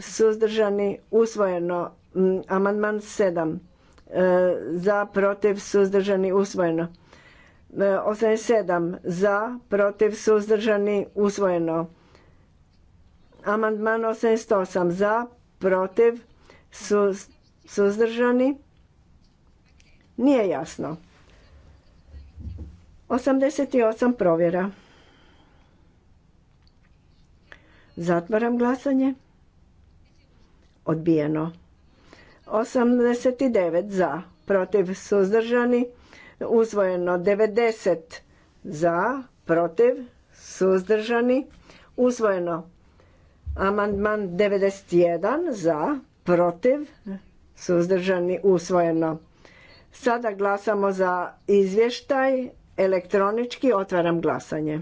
suzdržani, usvojeno. Amandman 7 za, protiv, suzdržani, usvojeno. 87 za, protiv, suzdržani, usvojeno. Amandman 88 za, protiv, suzdržani, Suzdržani? Nije jasno. 88 provjera. Zatvaram glasanje. Odbijeno. 89 za, protiv suzdržani. usvojeno 90 za, protiv suzdržani. usvojeno amandman 91 za, protiv suzdržani usvojeno. Sada glasamo za izvještaj elektronički. Otvaram glasanje.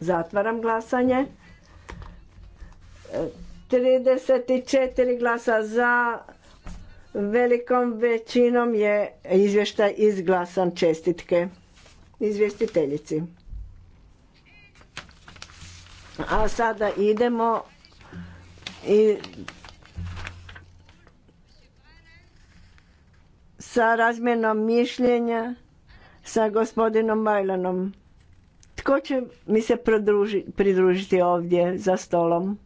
Zatvaram glasanje. 34 glasa za, velikom većinom je izvještaj izglasan čestitke izvjestiteljici. A sada idemo i sa razmjenom mišljenja sa gospodinom Majlanom. Tko će mi se pridružiti ovdje za stolom?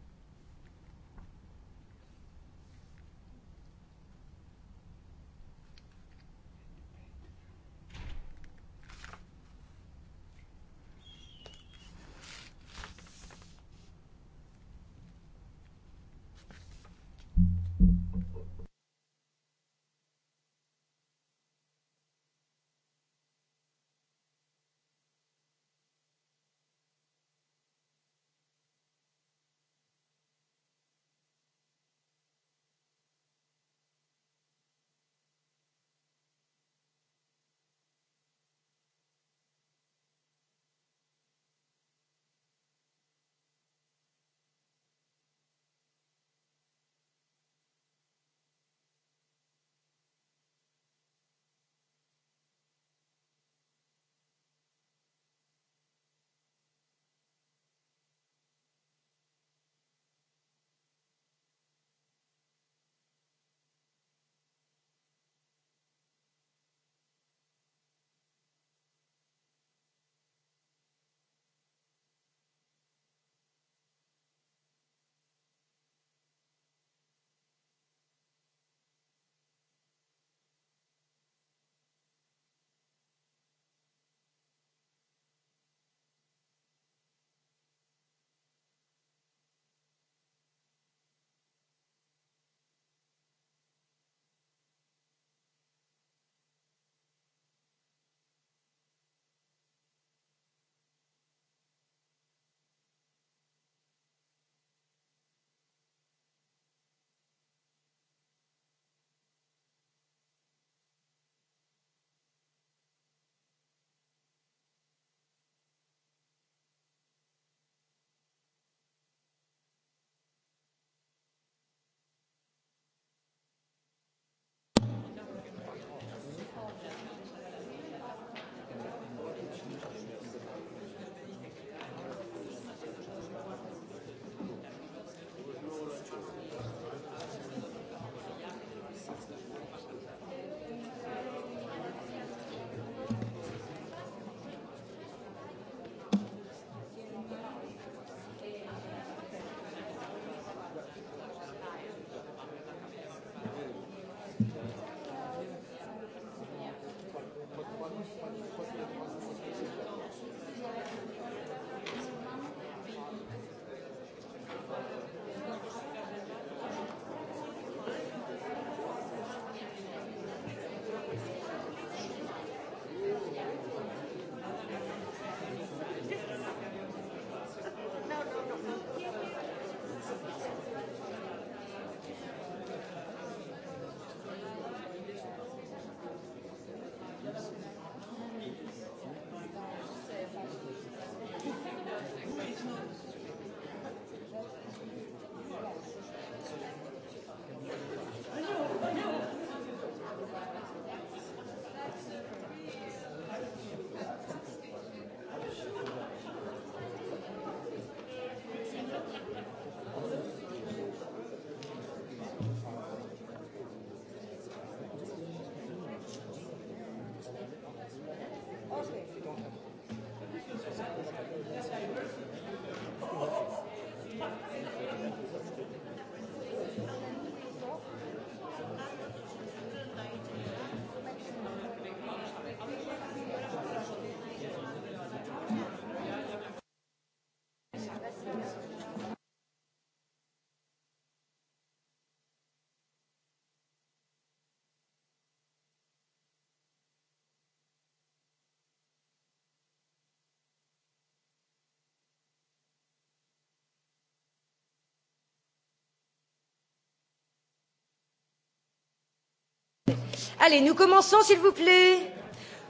Allez, nous commençons s'il vous plaît.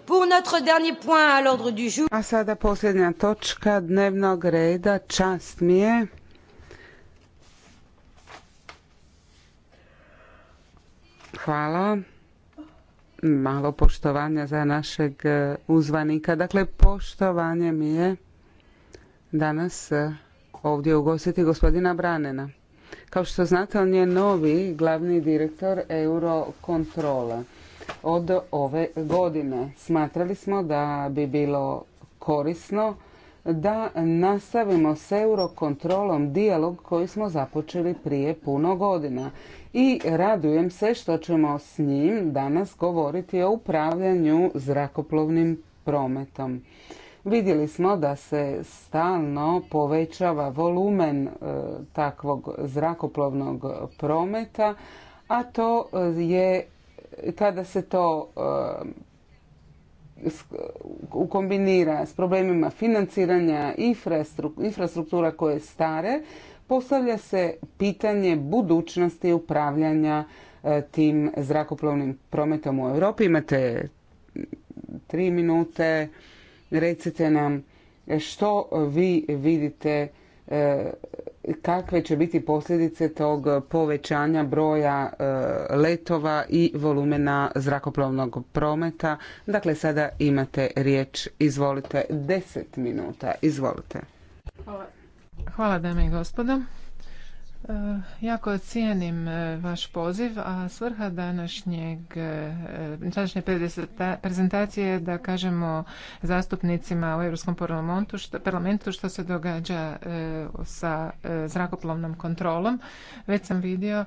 Pour notre dernier point à l'ordre du jour. A sada posljednja točka dnevnog reda, čast mi je. Hvala. Malo poštovanja za našeg e, uzvanika. Dakle, poštovanje mi je danas e, ovdje ugostiti gospodina Branena. Kao što znate, on je novi glavni direktor Eurokontrola od ove godine. Smatrali smo da bi bilo korisno da nastavimo s eurokontrolom dijalog koji smo započeli prije puno godina i radujem se što ćemo s njim danas govoriti o upravljanju zrakoplovnim prometom. Vidjeli smo da se stalno povećava volumen e, takvog zrakoplovnog prometa, a to je kada se to eh, ukombinira s problemima financiranja infrastruktura koje je stare, postavlja se pitanje budućnosti upravljanja eh, tim zrakoplovnim prometom u Europi. Imate tri minute, recite nam eh, što vi vidite E, kakve će biti posljedice tog povećanja broja e, letova i volumena zrakoplovnog prometa. Dakle, sada imate riječ, izvolite, deset minuta, izvolite. Hvala, Hvala dame i gospodo. Eh, jako cijenim eh, vaš poziv, a svrha današnjeg, eh, današnje prezentacije je da kažemo zastupnicima u Europskom parlamentu parlamentu što se događa sa zrakoplovnom kontrolom. Već sam vidio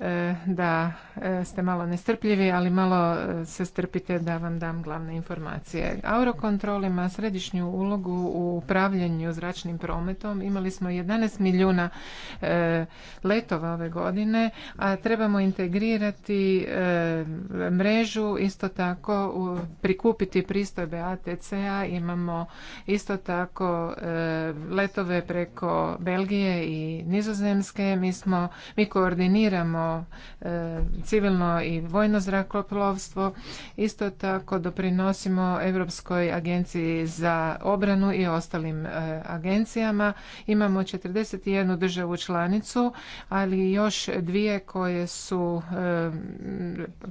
E, da e, ste malo nestrpljivi, ali malo e, se strpite da vam dam glavne informacije. Aurokontrol ima središnju ulogu u upravljanju zračnim prometom. Imali smo 11 milijuna letova ove godine, a trebamo integrirati mrežu, isto tako prikupiti pristojbe ATC-a. Imamo isto tako letove preko Belgije i Nizozemske. Mi, smo, mi koordiniramo E, civilno, i vojno zrakoplovstvo. Isto tako doprinosimo Europskoj agenciji za obranu i ostalim e, agencijama. Imamo 41 državu članicu, ali još dvije koje su e,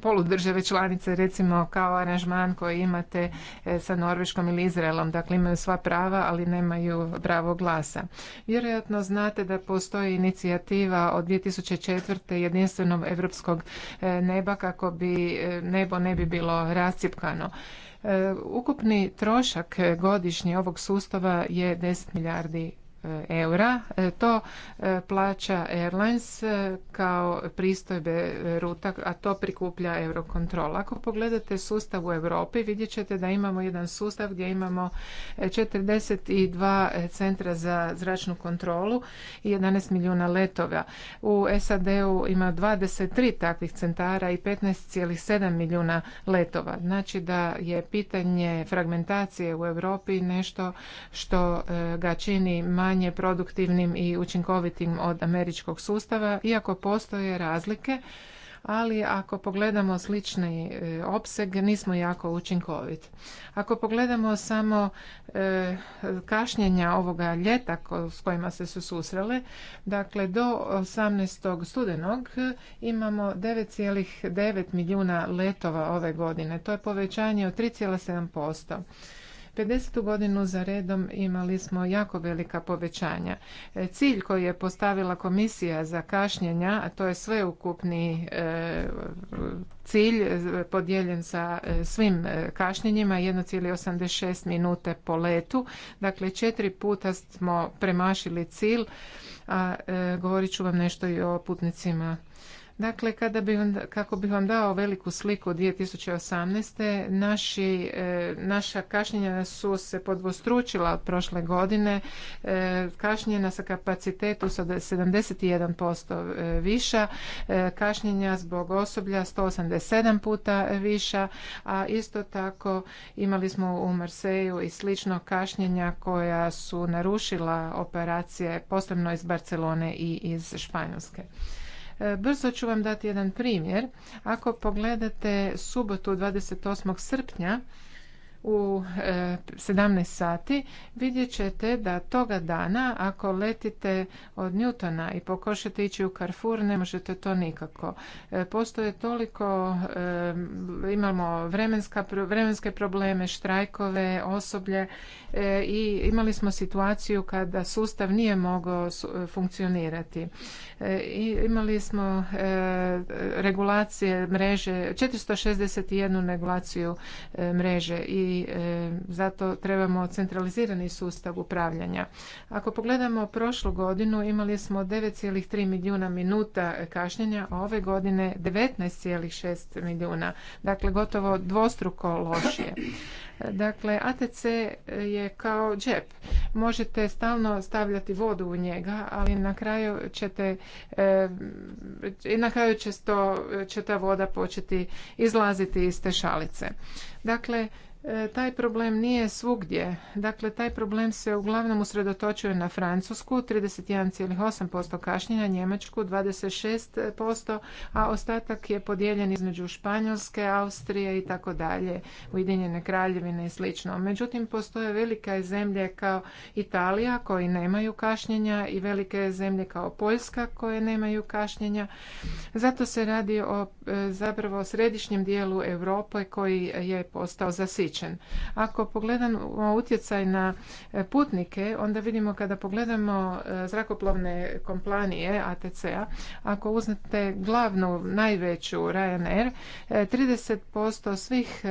poludržave članice, recimo kao aranžman koji imate sa Norveškom ili Izraelom. Dakle, imaju sva prava, ali nemaju pravo glasa. Vjerojatno znate da postoji inicijativa od 2004. jedinstvenog jedinstvenog europskog e, neba kako bi e, nebo ne bi bilo rascjepkano. E, ukupni trošak godišnji ovog sustava je 10 milijardi E, eura. E, to e, plaća Airlines kao pristojbe ruta, a to prikuplja Eurocontrol. Ako pogledate sustav u Europi, vidjet ćete da imamo jedan sustav gdje imamo 42 centra za zračnu kontrolu i 11 milijuna letova. U SAD-u ima 23 takvih centara i 15,7 milijuna letova. Znači da je pitanje fragmentacije u Europi nešto što ga čini manje manje produktivnim i učinkovitim od američkog sustava, iako postoje razlike, ali ako pogledamo slični e, opseg nismo jako učinkovit. Ako pogledamo samo e, kašnjenja ovoga ljeta s kojima se su susrele, dakle do 18. studenog imamo 9,9 milijuna letova ove godine. To je povećanje od 3,7%. 50. godinu za redom imali smo jako velika povećanja. E, cilj koji je postavila komisija za kašnjenja, a to je sveukupni e, cilj e, podijeljen sa svim kašnjenjima 1,86 minute po letu. Dakle, četiri puta smo premašili cilj, a govorit ću vam nešto i o putnicima Dakle, kada bi vam, kako bih vam dao veliku sliku 2018. Naši, e, naša kašnjenja su se podvostručila od prošle godine. E, kašnjenja sa kapacitetu sa 71% e, viša, kašnjenja zbog osoblja 187 puta viša, a isto tako imali smo u Marseju i slično kašnjenja koja su narušila operacije posebno iz Barcelone i iz Španjolske. E, brzo ću vam dati jedan primjer. Ako pogledate subotu 28. srpnja, u 17 e, sati vidjet ćete da toga dana ako letite od Newtona i pokušate ići u Carrefour ne možete to nikako. E, postoje toliko, e, imamo vremenska, vremenske probleme, štrajkove, osoblje i imali smo situaciju kada sustav nije mogao funkcionirati. I imali smo regulacije mreže, 461 regulaciju mreže i E, zato trebamo centralizirani sustav upravljanja. Ako pogledamo prošlu godinu imali smo 9,3 milijuna minuta kašnjenja, a ove godine 19,6 milijuna. Dakle, gotovo dvostruko lošije. Dakle, ATC je kao džep. Možete stalno stavljati vodu u njega, ali na kraju ćete e, i na kraju će ta voda početi izlaziti iz te šalice. Dakle, E, taj problem nije svugdje. Dakle, taj problem se uglavnom usredotočuje na Francusku, 31,8% kašnjenja, Njemačku 26%, a ostatak je podijeljen između Španjolske, Austrije i tako dalje, Ujedinjene kraljevine i sl. Međutim, postoje velike zemlje kao Italija koji nemaju kašnjenja i velike zemlje kao Poljska koje nemaju kašnjenja. Zato se radi o e, zapravo središnjem dijelu Europe koji je postao zasićen ako pogledamo utjecaj na e, putnike, onda vidimo kada pogledamo e, zrakoplovne kompanije ATC-a, ako uzmete glavnu, najveću Ryanair, 30% e, svih,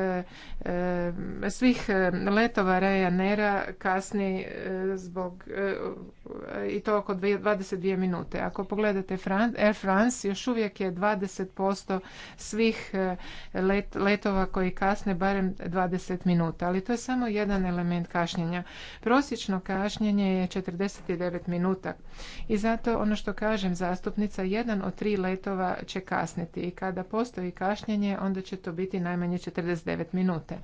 svih letova Ryanaira kasni zbog i to oko 22 minute. Ako pogledate Air France, još uvijek je 20% svih letova koji kasne barem 20 minuta, ali to je samo jedan element kašnjenja. Prosječno kašnjenje je 49 minuta i zato ono što kažem zastupnica, jedan od tri letova će kasniti i kada postoji kašnjenje onda će to biti najmanje 49 minute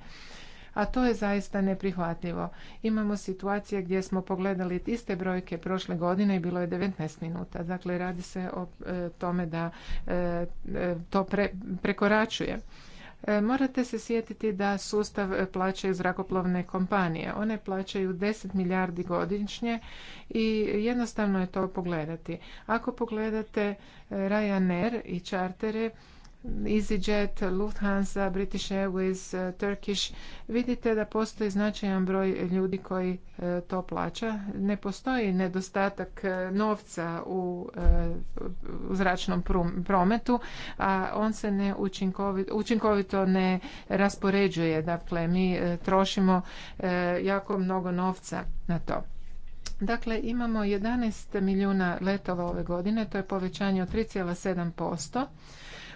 a to je zaista neprihvatljivo. Imamo situacije gdje smo pogledali iste brojke prošle godine i bilo je 19 minuta. Dakle, radi se o e, tome da e, e, to prekoračuje. E, morate se sjetiti da sustav plaćaju zrakoplovne kompanije. One plaćaju 10 milijardi godišnje i jednostavno je to pogledati. Ako pogledate e, Ryanair i čartere, EasyJet, Lufthansa, British Airways, e, Turkish, vidite da postoji značajan broj ljudi koji e, to plaća. Ne postoji nedostatak e, novca u zračnom prometu, a on se ne učinkovito, učinkovito ne raspoređuje. Dakle, mi trošimo jako mnogo novca na to. Dakle, imamo 11 milijuna letova ove godine, to je povećanje od 3,7%.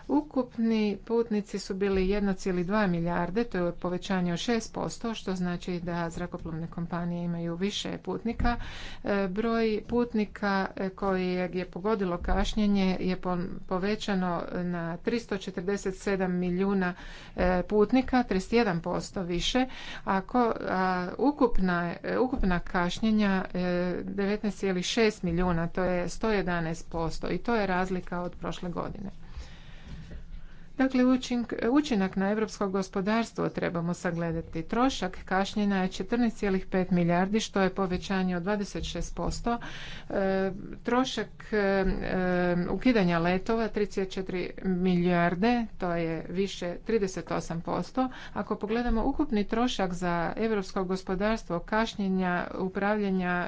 Ukupni putnici su bili 1,2 milijarde, to je povećanje od 6%, što znači da zrakoplovne kompanije imaju više putnika. E, broj putnika e, kojeg je pogodilo kašnjenje je povećano na 347 milijuna e, putnika, 31% više, ako a ukupna, ukupna kašnjenja 19,6 milijuna, to je 111% i to je razlika od prošle godine. Dakle, učinak na europsko gospodarstvo trebamo sagledati. Trošak kašnjenja je 14,5 milijardi, što je povećanje od 26%. E, trošak e, e, ukidanja letova 3,4 milijarde, to je više 38%. Ako pogledamo ukupni trošak za europsko gospodarstvo kašnjenja upravljanja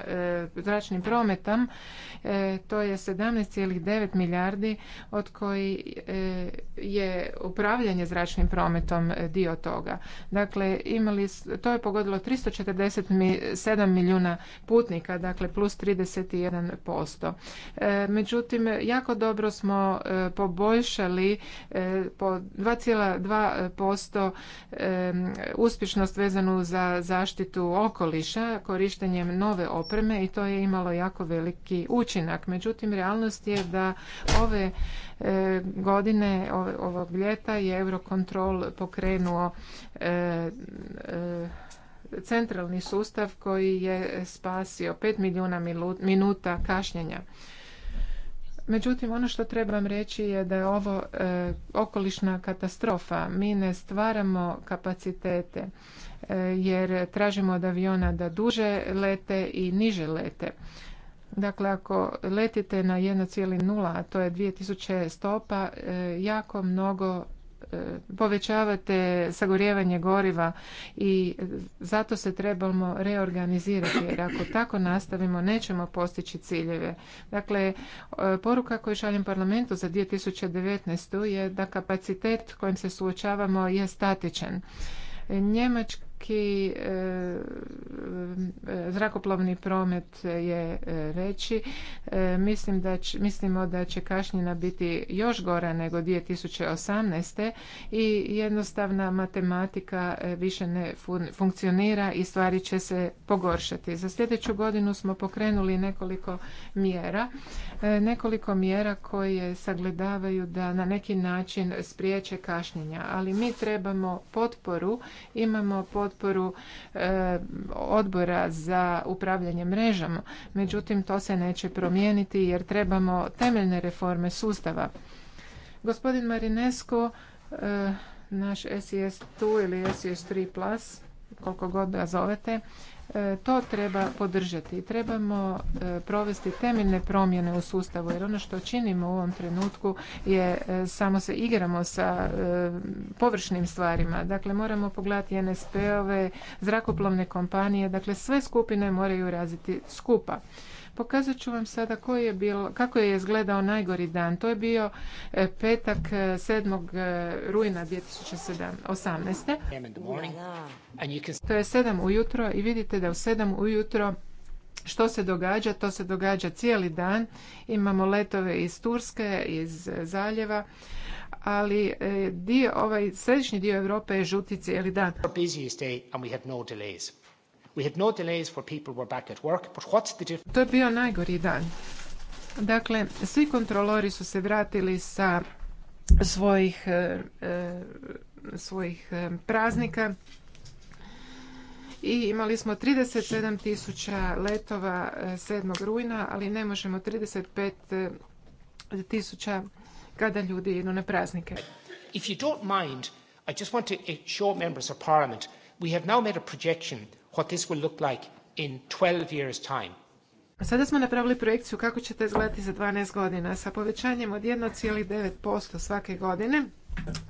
zračnim prometom, to je 17,9 milijardi, od koji je upravljanje zračnim prometom e, dio toga. Dakle, imali, to je pogodilo 347 milijuna putnika, dakle plus 31%. E, međutim, jako dobro smo e, poboljšali po 2,2% uspješnost vezanu za zaštitu okoliša korištenjem nove opreme i to je imalo jako veliki učinak. Međutim, realnost je da ove E, godine ovog ljeta je Eurocontrol pokrenuo e, e, centralni sustav koji je spasio 5 milijuna minuta kašnjenja. Međutim, ono što trebam reći je da je ovo okolišna katastrofa. Mi ne stvaramo kapacitete jer tražimo od aviona da duže lete i niže lete. Dakle, ako letite na 1,0, a to je 2000 stopa, e, jako mnogo e, povećavate sagorjevanje goriva i zato se trebamo reorganizirati jer ako tako nastavimo nećemo postići ciljeve. Dakle, e, poruka koju šaljem parlamentu za 2019. je da kapacitet kojim se suočavamo je statičan. Njemački veliki e, zrakoplovni promet je e, veći. E, mislim da mislimo da će kašnjina biti još gora nego 2018. i jednostavna matematika više ne funkcionira i stvari će se pogoršati. Za sljedeću godinu smo pokrenuli nekoliko mjera. Nekoliko mjera koje sagledavaju da na neki način spriječe kašnjenja. Ali mi trebamo potporu, imamo potporu potporu e, odbora za upravljanje mrežama. Međutim, to se neće promijeniti jer trebamo temeljne reforme sustava. Gospodin Marinesko, e, naš SES 2 ili SES 3 koliko god da zovete, E, to treba podržati. Trebamo e, provesti temeljne promjene u sustavu jer ono što činimo u ovom trenutku je e, samo se igramo sa površnim stvarima. Dakle, moramo pogledati NSP-ove, zrakoplovne kompanije, dakle sve skupine moraju raziti skupa. Pokazat ću vam sada koji je bilo, kako je izgledao najgori dan. To je bio e, petak 7. E, e, rujna 2018. To je 7 ujutro i vidite da u 7 ujutro što se događa? To se događa cijeli dan. Imamo letove iz Turske, iz Zaljeva, ali dio, ovaj središnji dio Europe je žuti cijeli dan. We had no delays for people were back at work, but what's the difference? To je bio najgori dan. Dakle, svi kontrolori su se vratili sa svojih, e, e, svojih e, praznika i imali smo 37 tisuća letova 7. rujna, ali ne možemo 35 tisuća kada ljudi idu na praznike. If you don't mind, I just want to show members of parliament, we have now made a projection what this will look like in 12 years time. sada smo napravili projekciju kako će to izgledati za 12 godina sa povećanjem od 1,9% svake godine.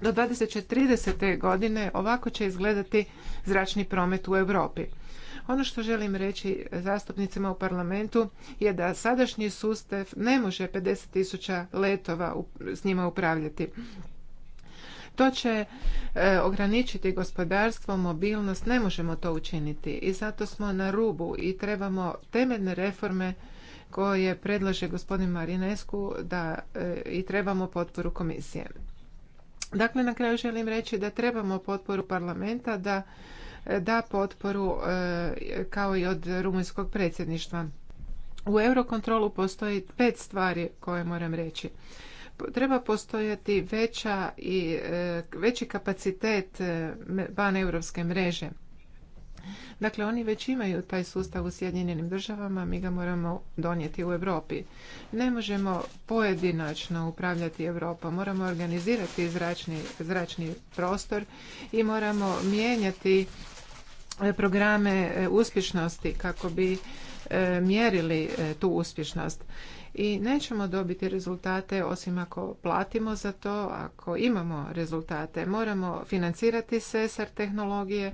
Do 2030. godine ovako će izgledati zračni promet u Europi. Ono što želim reći zastupnicima u parlamentu je da sadašnji sustav ne može 50.000 letova s njima upravljati. To će e, ograničiti gospodarstvo, mobilnost, ne možemo to učiniti i zato smo na rubu i trebamo temeljne reforme koje predlaže gospodin Marinesku da e, i trebamo potporu komisije. Dakle, na kraju želim reći da trebamo potporu parlamenta da e, da potporu kao i od rumunjskog predsjedništva. U Eurokontrolu postoji pet stvari koje moram reći treba postojati veća i e, veći kapacitet e, van europske mreže. Dakle, oni već imaju taj sustav u Sjedinjenim državama, mi ga moramo donijeti u Europi. Ne možemo pojedinačno upravljati Europom, moramo organizirati zračni, zračni prostor i moramo mijenjati e, programe uspješnosti kako bi mjerili tu uspješnost i nećemo dobiti rezultate osim ako platimo za to, ako imamo rezultate. Moramo financirati sesar tehnologije,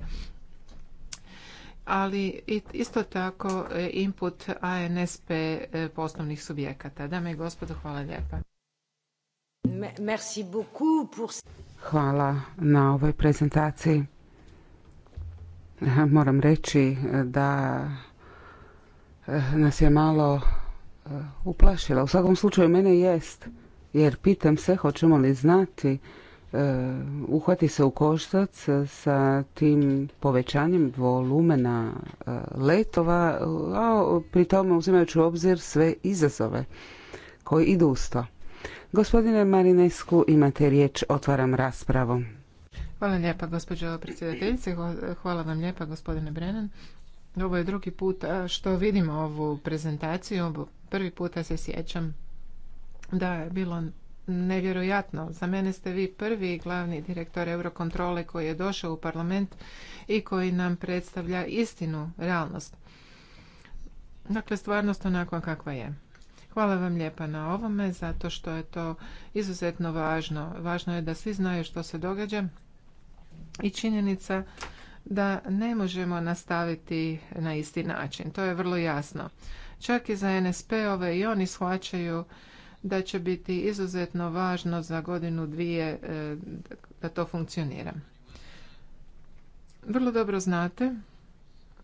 ali isto tako e, input ANSP e, poslovnih subjekata. Dame i gospodo, hvala lijepa. Hvala na ovoj prezentaciji. Moram reći da e, nas je malo Uh, uplašila. U svakom slučaju mene jest, jer pitam se hoćemo li znati uh, uhvati se u koštac sa tim povećanjem volumena uh, letova, a pri tome uzimajući u obzir sve izazove koji idu uz to. Gospodine Marinesku, imate riječ, otvaram raspravu. Hvala lijepa, gospođo predsjedateljice, hvala vam lijepa, gospodine Brennan. Ovo je drugi put što vidimo ovu prezentaciju, prvi puta se sjećam da je bilo nevjerojatno. Za mene ste vi prvi glavni direktor Eurokontrole koji je došao u parlament i koji nam predstavlja istinu, realnost. Dakle, stvarnost onakva kakva je. Hvala vam lijepa na ovome, zato što je to izuzetno važno. Važno je da svi znaju što se događa i činjenica da ne možemo nastaviti na isti način. To je vrlo jasno. Čak i za NSP-ove i oni shvaćaju da će biti izuzetno važno za godinu dvije e, da to funkcionira. Vrlo dobro znate,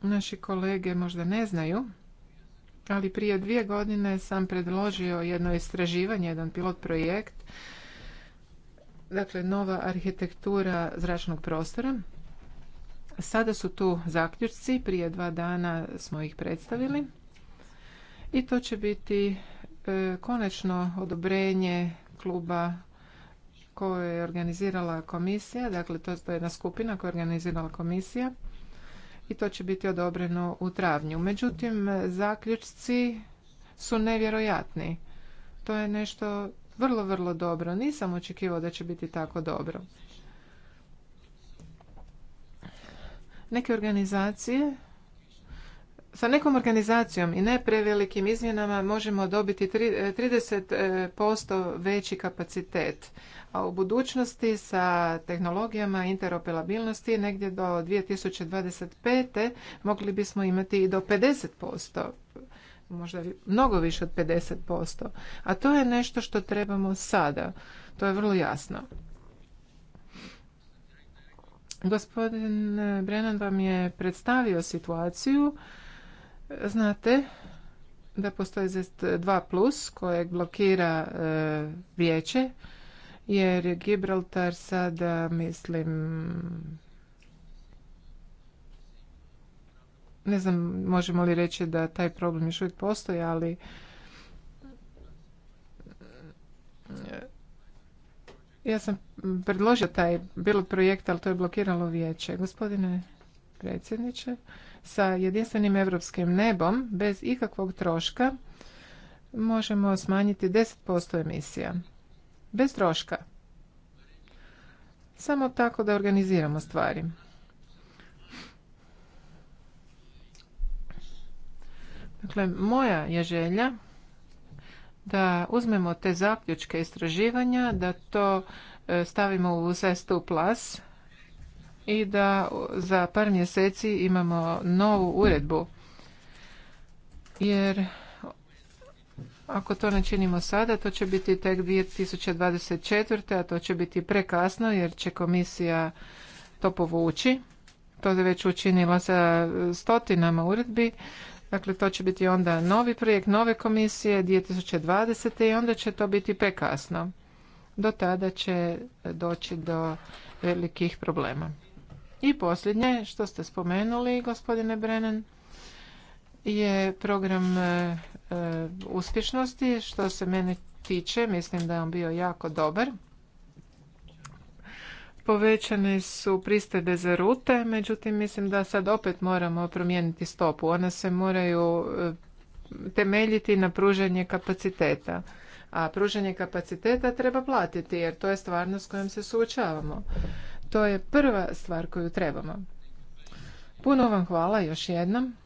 naši kolege možda ne znaju, ali prije dvije godine sam predložio jedno istraživanje, jedan pilot projekt, dakle nova arhitektura zračnog prostora. Sada su tu zaključci, prije dva dana smo ih predstavili i to će biti e, konačno odobrenje kluba koje je organizirala komisija, dakle to je jedna skupina koja je organizirala komisija i to će biti odobreno u travnju. Međutim, zaključci su nevjerojatni. To je nešto vrlo, vrlo dobro. Nisam očekivao da će biti tako dobro. Neke organizacije sa nekom organizacijom i ne prevelikim izmjenama možemo dobiti 30% e, e, veći kapacitet, a u budućnosti sa tehnologijama interoperabilnosti negdje do 2025. mogli bismo imati i do 50%, možda mnogo više od 50%, a to je nešto što trebamo sada, to je vrlo jasno. Gospodin Brennan vam je predstavio situaciju Znate da postoji ZEST2 plus kojeg blokira e, vijeće jer je Gibraltar sada mislim ne znam možemo li reći da taj problem još uvijek postoji ali e, ja sam predložio taj pilot projekt ali to je blokiralo vijeće gospodine predsjedniče sa jedinstvenim europskim nebom bez ikakvog troška možemo smanjiti 10% emisija. Bez troška. Samo tako da organiziramo stvari. Dakle, moja je želja da uzmemo te zaključke istraživanja, da to e, stavimo u sestu plus i da za par mjeseci imamo novu uredbu. Jer ako to ne činimo sada, to će biti tek 2024. a to će biti prekasno jer će komisija to povući. To je već učinila sa stotinama uredbi. Dakle, to će biti onda novi projekt, nove komisije 2020. i onda će to biti prekasno. Do tada će doći do velikih problema. I posljednje što ste spomenuli, gospodine Brennan, je program e, e, uspješnosti. Što se mene tiče, mislim da je on bio jako dobar. Povećane su pristojbe za rute, međutim mislim da sad opet moramo promijeniti stopu. One se moraju e, temeljiti na pruženje kapaciteta. A pruženje kapaciteta treba platiti jer to je stvarnost s kojom se suočavamo. To je prva stvar koju trebamo. Puno vam hvala još jednom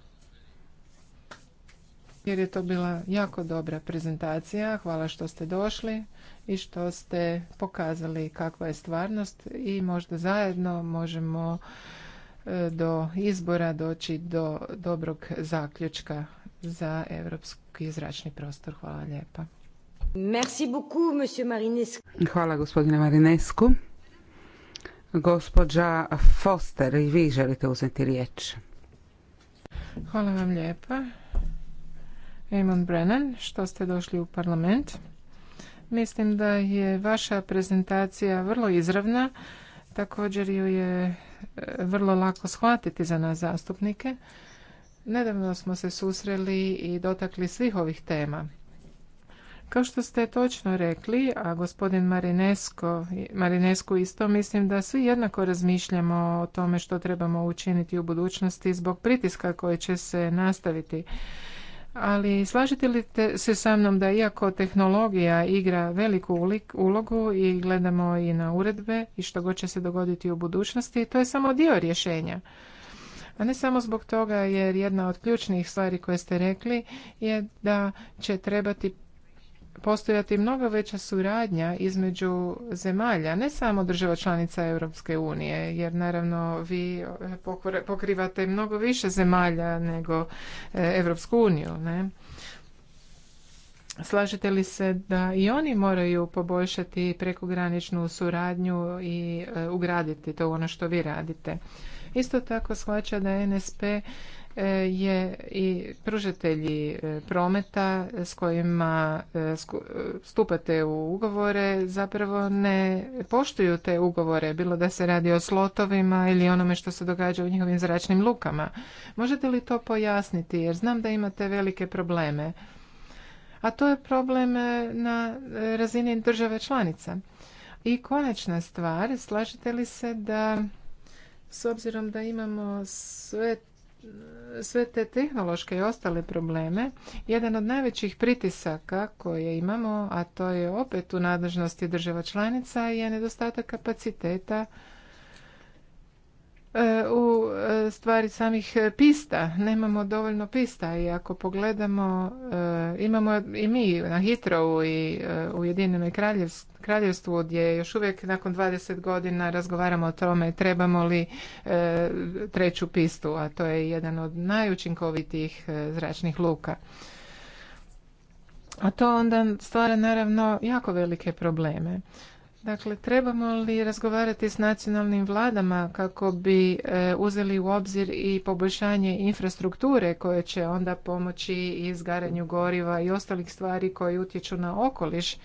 jer je to bila jako dobra prezentacija. Hvala što ste došli i što ste pokazali kakva je stvarnost i možda zajedno možemo e, do izbora doći do dobrog zaključka za europski zračni prostor. Hvala lijepa. Hvala gospodine Marinescu. Gospođa Foster, i vi želite uzeti riječ. Hvala vam lijepa. Eamon Brennan, što ste došli u parlament. Mislim da je vaša prezentacija vrlo izravna, također ju je e, vrlo lako shvatiti za nas zastupnike. Nedavno smo se susreli i dotakli svih ovih tema. Kao što ste točno rekli, a gospodin Marinesko, Marinesku isto, mislim da svi jednako razmišljamo o tome što trebamo učiniti u budućnosti zbog pritiska koje će se nastaviti. Ali slažete li se sa mnom da iako tehnologija igra veliku ulogu i gledamo i na uredbe i što god će se dogoditi u budućnosti, to je samo dio rješenja. A ne samo zbog toga jer jedna od ključnih stvari koje ste rekli je da će trebati postojati mnogo veća suradnja između zemalja, ne samo država članica Europske unije, jer naravno vi eh, pokrivate mnogo više zemalja nego eh, Europsku uniju, ne? Slažete li se da i oni moraju poboljšati prekograničnu suradnju i eh, ugraditi to ono što vi radite? Isto tako shvaća da NSP E, je i pružatelji e, prometa s kojima e, stupate u ugovore zapravo ne poštuju te ugovore, bilo da se radi o slotovima ili onome što se događa u njihovim zračnim lukama. Možete li to pojasniti jer znam da imate velike probleme. A to je problem na razini države članica. I konačna stvar, slažete li se da s obzirom da imamo sve sve te tehnološke i ostale probleme, jedan od najvećih pritisaka koje imamo, a to je opet u nadležnosti država članica, je nedostatak kapaciteta E, u e, stvari samih e, pista. Nemamo dovoljno pista i ako pogledamo, imamo i mi na Hitrovu i u Jedinome kraljevstvu gdje još uvijek nakon 20 godina razgovaramo o tome trebamo li treću pistu, a to je jedan od najučinkovitijih zračnih luka. A to onda stvara naravno jako velike probleme. Dakle, trebamo li razgovarati s nacionalnim vladama kako bi e, uzeli u obzir i poboljšanje infrastrukture koje će onda pomoći i izgaranju goriva i ostalih stvari koje utječu na okoliš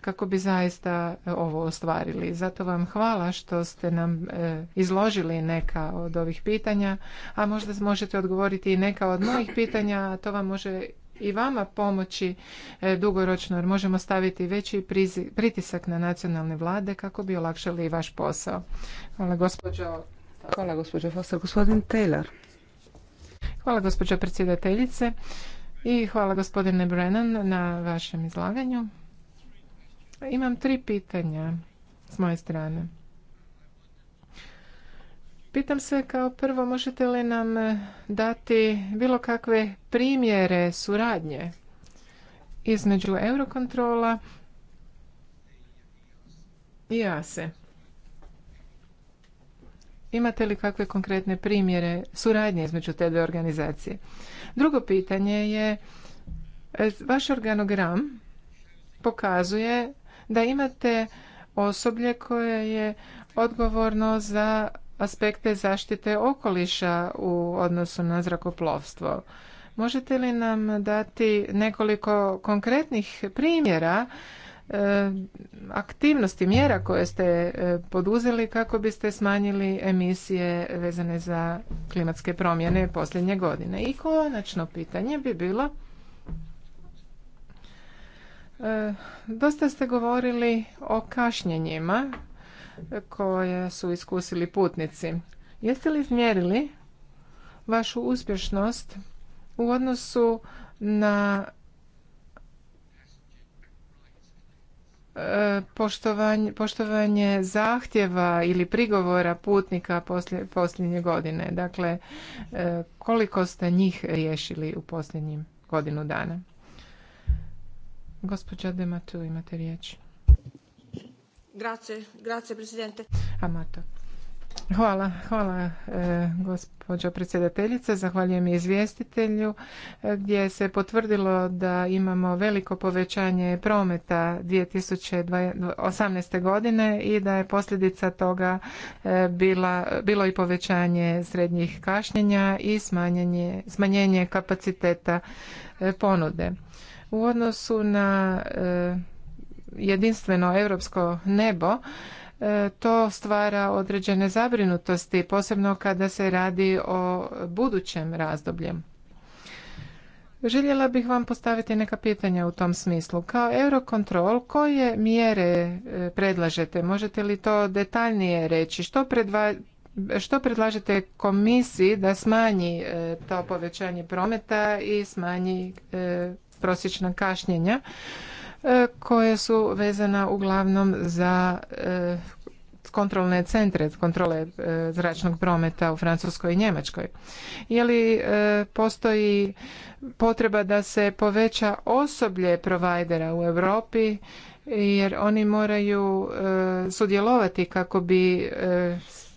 kako bi zaista e, ovo ostvarili. Zato vam hvala što ste nam e, izložili neka od ovih pitanja, a možda možete odgovoriti i neka od mojih pitanja, a to vam može i vama pomoći e, dugoročno jer možemo staviti veći pritisak na nacionalne vlade kako bi olakšali i vaš posao. Hvala gospođo. Hvala Foster. Gospodin Taylor. Hvala gospođo predsjedateljice i hvala gospodine Brennan na vašem izlaganju. Imam tri pitanja s moje strane. Pitam se kao prvo možete li nam e, dati bilo kakve primjere suradnje između Eurokontrola i ASE. Imate li kakve konkretne primjere suradnje između te dve organizacije? Drugo pitanje je e, vaš organogram pokazuje da imate osoblje koje je odgovorno za aspekte zaštite okoliša u odnosu na zrakoplovstvo. Možete li nam dati nekoliko konkretnih primjera e, aktivnosti mjera koje ste e, poduzeli kako biste smanjili emisije vezane za klimatske promjene posljednje godine. I konačno pitanje bi bilo e, dosta ste govorili o kašnjenjima koje su iskusili putnici. Jeste li izmjerili vašu uspješnost u odnosu na e, Poštovanje, poštovanje zahtjeva ili prigovora putnika poslje, posljednje godine. Dakle, e, koliko ste njih riješili u posljednjim godinu dana? Gospođa Dematu, imate riječ. Hvala, e, gospođo predsjedateljice. Zahvaljujem izvjestitelju e, gdje se potvrdilo da imamo veliko povećanje prometa 2018. godine i da je posljedica toga e, bilo i povećanje srednjih kašnjenja i smanjenje kapaciteta ponude. U odnosu na jedinstveno europsko nebo e, to stvara određene zabrinutosti, posebno kada se radi o budućem razdoblju. Željela bih vam postaviti neka pitanja u tom smislu. Kao Eurocontrol, koje mjere e, predlažete? Možete li to detaljnije reći? Što, predva, što predlažete komisiji da smanji e, to povećanje prometa i smanji prosječna kašnjenja? E, koje su vezana uglavnom za e, kontrolne centre kontrole e, zračnog prometa u Francuskoj i Njemačkoj. Je li postoji potreba da se poveća osoblje provajdera u Europi jer oni moraju sudjelovati kako bi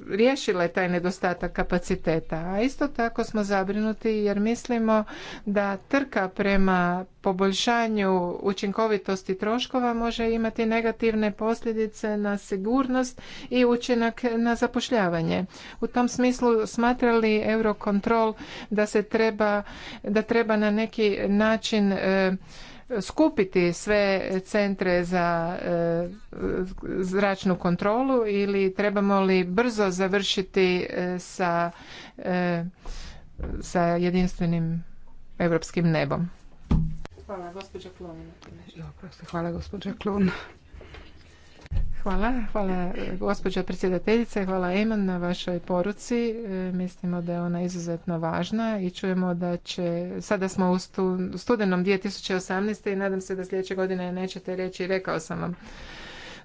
riješile taj nedostatak kapaciteta. A isto tako smo zabrinuti jer mislimo da trka prema poboljšanju učinkovitosti troškova može imati negativne posljedice na sigurnost i učinak na zapošljavanje. U tom smislu smatrali Eurokontrol da se treba, da treba na neki način e, skupiti sve centre za e, zračnu kontrolu ili trebamo li brzo završiti e, sa, e, sa jedinstvenim europskim nebom? Hvala, gospođa Hvala, Hvala, hvala gospođo predsjedateljice, hvala Eman na vašoj poruci. E, mislimo da je ona izuzetno važna i čujemo da će, sada smo u studenom 2018. i nadam se da sljedeće godine nećete reći, rekao sam vam.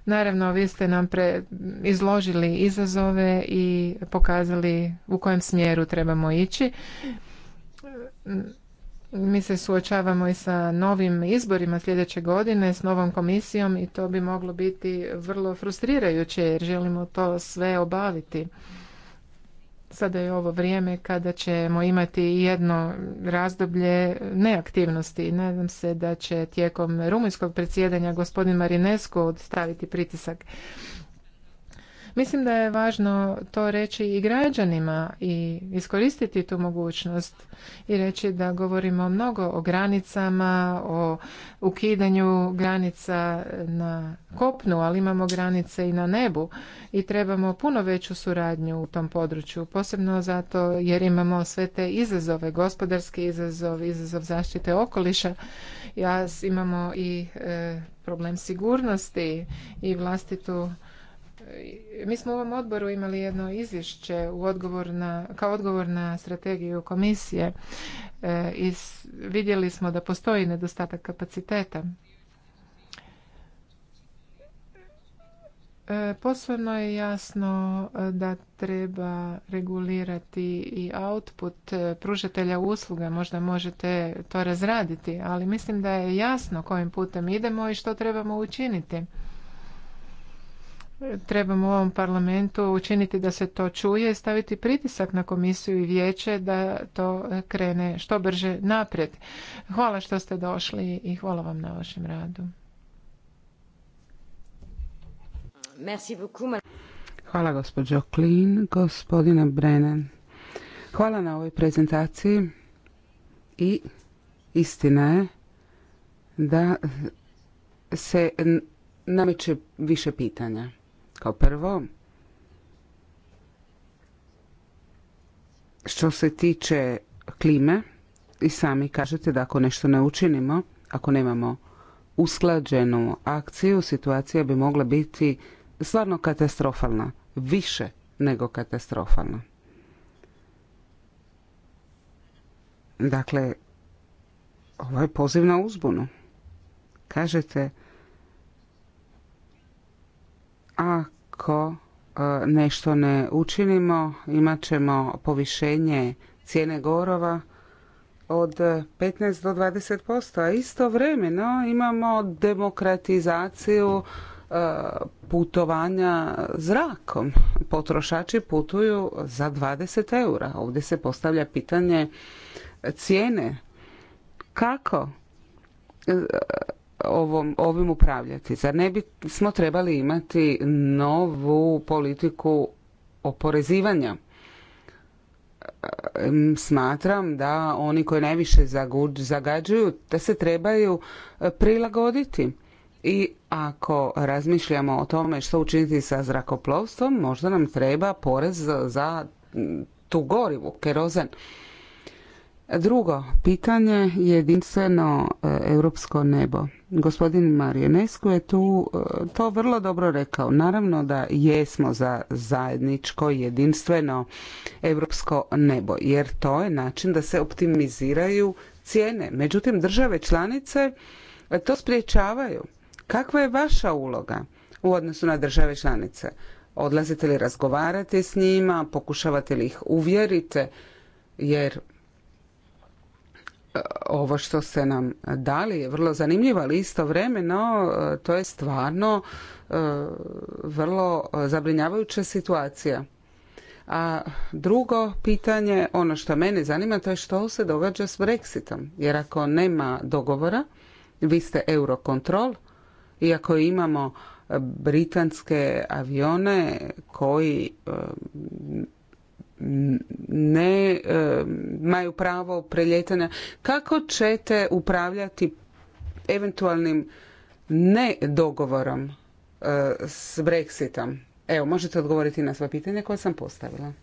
Naravno, vi ste nam pre, izložili izazove i pokazali u kojem smjeru trebamo ići mi se suočavamo i sa novim izborima sljedeće godine, s novom komisijom i to bi moglo biti vrlo frustrirajuće jer želimo to sve obaviti. Sada je ovo vrijeme kada ćemo imati jedno razdoblje neaktivnosti. Nadam se da će tijekom rumunjskog predsjedanja gospodin Marinesko odstaviti pritisak Mislim da je važno to reći i građanima i iskoristiti tu mogućnost i reći da govorimo mnogo o granicama, o ukidanju granica na kopnu, ali imamo granice i na nebu i trebamo puno veću suradnju u tom području, posebno zato jer imamo sve te izazove, gospodarski izazov, izazov zaštite okoliša, ja imamo i e, problem sigurnosti i vlastitu mi smo u ovom odboru imali jedno izvješće u odgovor na, kao odgovor na strategiju komisije e, i vidjeli smo da postoji nedostatak kapaciteta. E, je jasno e, da treba regulirati i output e, pružatelja usluga. Možda možete to razraditi, ali mislim da je jasno kojim putem idemo i što trebamo učiniti trebamo u ovom parlamentu učiniti da se to čuje staviti pritisak na komisiju i vijeće da to krene što brže naprijed. Hvala što ste došli i hvala vam na vašem radu. Hvala gospođo Klin, gospodine Brennan. Hvala na ovoj prezentaciji i istina je da se nameće više pitanja. Kao prvo, što se tiče klime, i sami kažete da ako nešto ne učinimo, ako nemamo usklađenu akciju, situacija bi mogla biti stvarno katastrofalna, više nego katastrofalna. Dakle, ovo je poziv na uzbunu. Kažete ako e, nešto ne učinimo, imat ćemo povišenje cijene gorova od 15 do 20%, a istovremeno imamo demokratizaciju e, putovanja zrakom. Potrošači putuju za 20 eura. Ovdje se postavlja pitanje cijene. Kako? E, ovom, ovim upravljati? Zar ne bi smo trebali imati novu politiku oporezivanja? Smatram da oni koji najviše zagađuju, da se trebaju e, prilagoditi. I ako razmišljamo o tome što učiniti sa zrakoplovstvom, možda nam treba porez za tu gorivu, kerozen. Drugo pitanje je jedinstveno e, europsko nebo. Gospodin Marijenesku je tu e, to vrlo dobro rekao. Naravno da jesmo za zajedničko jedinstveno europsko nebo, jer to je način da se optimiziraju cijene. Međutim, države članice e, to spriječavaju. Kakva je vaša uloga u odnosu na države članice? Odlazite li razgovarate s njima, pokušavate li ih uvjeriti, jer ovo što ste nam dali je vrlo zanimljivo, ali istovremeno e, to je stvarno e, vrlo zabrinjavajuća situacija. A drugo pitanje, ono što mene zanima, to je što se događa s Brexitom. Jer ako nema dogovora, vi ste eurokontrol i ako imamo britanske avione koji e, ne e, imaju pravo preljetanja. Kako ćete upravljati eventualnim ne dogovorom e, s Brexitom? Evo, možete odgovoriti na sva pitanja koja sam postavila.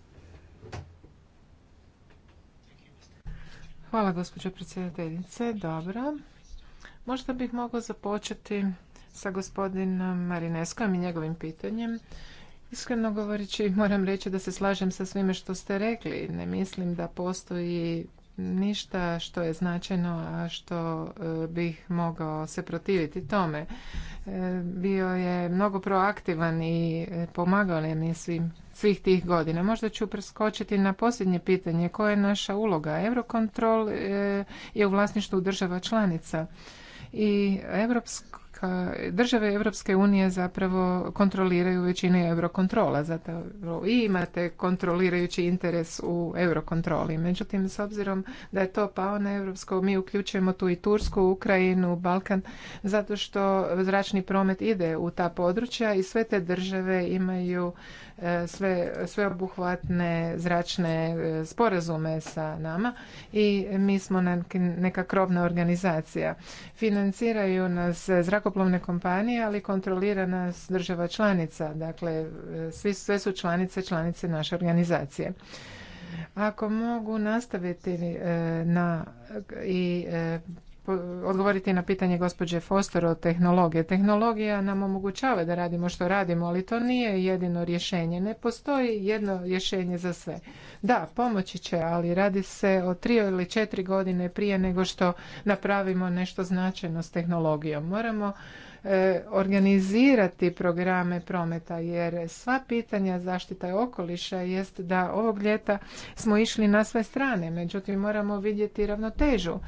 Hvala, gospođo predsjedateljice. Dobro. Možda bih mogla započeti sa gospodinom Marineskom i njegovim pitanjem. Iskreno govoreći moram reći da se slažem sa svime što ste rekli. Ne mislim da postoji ništa što je značajno, a što e, bih mogao se protiviti tome. E, bio je mnogo proaktivan i e, pomagao nam je svim, svih tih godina. Možda ću preskočiti na posljednje pitanje. Koja je naša uloga? Eurocontrol je u vlasništvu država članica i Europsko države Europske unije zapravo kontroliraju većinu eurokontrola, zato i imate kontrolirajući interes u eurokontroli. Međutim, s obzirom da je to pao na europsko, mi uključujemo tu i Tursku, Ukrajinu, Balkan, zato što zračni promet ide u ta područja i sve te države imaju E, sve, obuhvatne zračne e, sporazume sa nama i mi smo neka krovna organizacija. Financiraju nas zrakoplovne kompanije, ali kontrolira nas država članica. Dakle, e, svi, sve su članice članice naše organizacije. Ako mogu nastaviti na i odgovoriti na pitanje gospođe Foster o tehnologije. Tehnologija nam omogućava da radimo što radimo, ali to nije jedino rješenje. Ne postoji jedno rješenje za sve. Da, pomoći će, ali radi se o tri ili četiri godine prije nego što napravimo nešto značajno s tehnologijom. Moramo e, organizirati programe prometa jer sva pitanja zaštita okoliša jest da ovog ljeta smo išli na sve strane međutim moramo vidjeti ravnotežu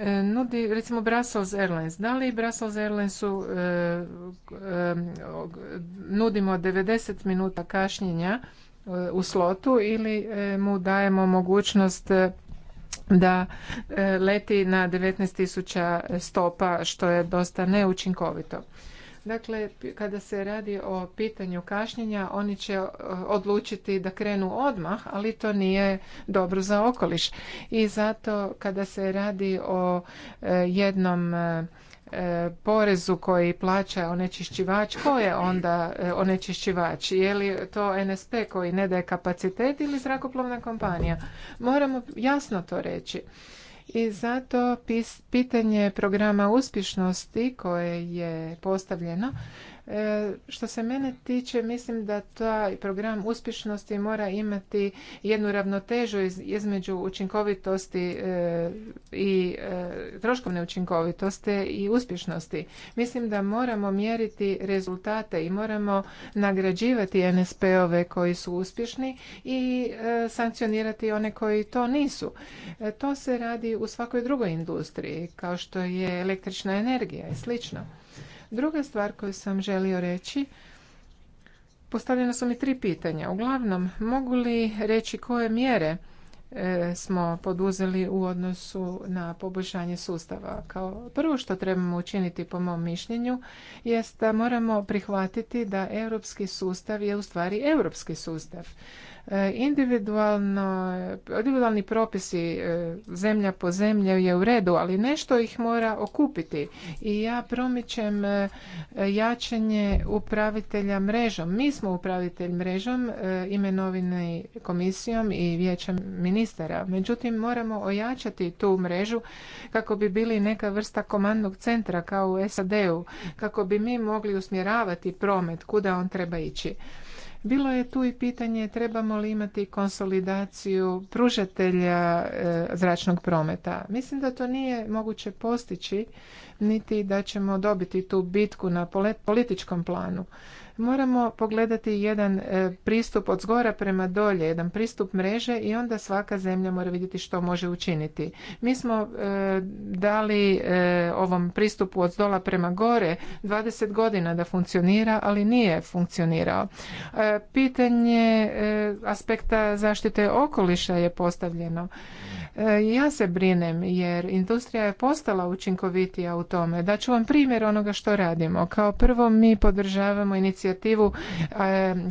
E, nudi recimo Brussels Airlines. Da li Brussels Airlinesu e, e, nudimo 90 minuta kašnjenja u slotu ili mu dajemo mogućnost da leti na 19.000 stopa što je dosta neučinkovito. Dakle, kada se radi o pitanju kašnjenja, oni će e, odlučiti da krenu odmah, ali to nije dobro za okoliš. I zato kada se radi o e, jednom e, porezu koji plaća onečišćivač, ko je onda onečišćivač? Je li to NSP koji ne daje kapacitet ili zrakoplovna kompanija? Moramo jasno to reći. I zato pitanje programa uspješnosti koje je postavljeno E, što se mene tiče, mislim da taj program uspješnosti mora imati jednu ravnotežu između učinkovitosti e, i e, troškovne učinkovitosti i uspješnosti. Mislim da moramo mjeriti rezultate i moramo nagrađivati NSP-ove koji su uspješni i sankcionirati one koji to nisu. To se radi u svakoj drugoj industriji, kao što je električna energija i slično. Druga stvar koju sam želio reći, postavljena su mi tri pitanja. Uglavnom, mogu li reći koje mjere e, smo poduzeli u odnosu na poboljšanje sustava. Kao prvo što trebamo učiniti po mom mišljenju jest da moramo prihvatiti da europski sustav je u stvari europski sustav. E, individualno, individualni propisi e, zemlja po zemlje je u redu, ali nešto ih mora okupiti. I ja promičem e, jačanje upravitelja mrežom. Mi smo upravitelj mrežom imenovani komisijom i vijećem ministara. Međutim, moramo ojačati tu mrežu kako bi bili neka vrsta komandnog centra kao u SAD-u, kako bi mi mogli usmjeravati promet kuda on treba ići. Bilo je tu i pitanje trebamo li imati konsolidaciju pružatelja e, zračnog prometa. Mislim da to nije moguće postići, niti da ćemo dobiti tu bitku na političkom planu moramo pogledati jedan e, pristup od zgora prema dolje, jedan pristup mreže i onda svaka zemlja mora vidjeti što može učiniti. Mi smo e, dali e, ovom pristupu od zdola prema gore 20 godina da funkcionira, ali nije funkcionirao. Pitanje aspekta zaštite okoliša je postavljeno. Ja se brinem jer industrija je postala učinkovitija u tome. Daću vam primjer onoga što radimo. Kao prvo mi podržavamo inicijativu inicijativu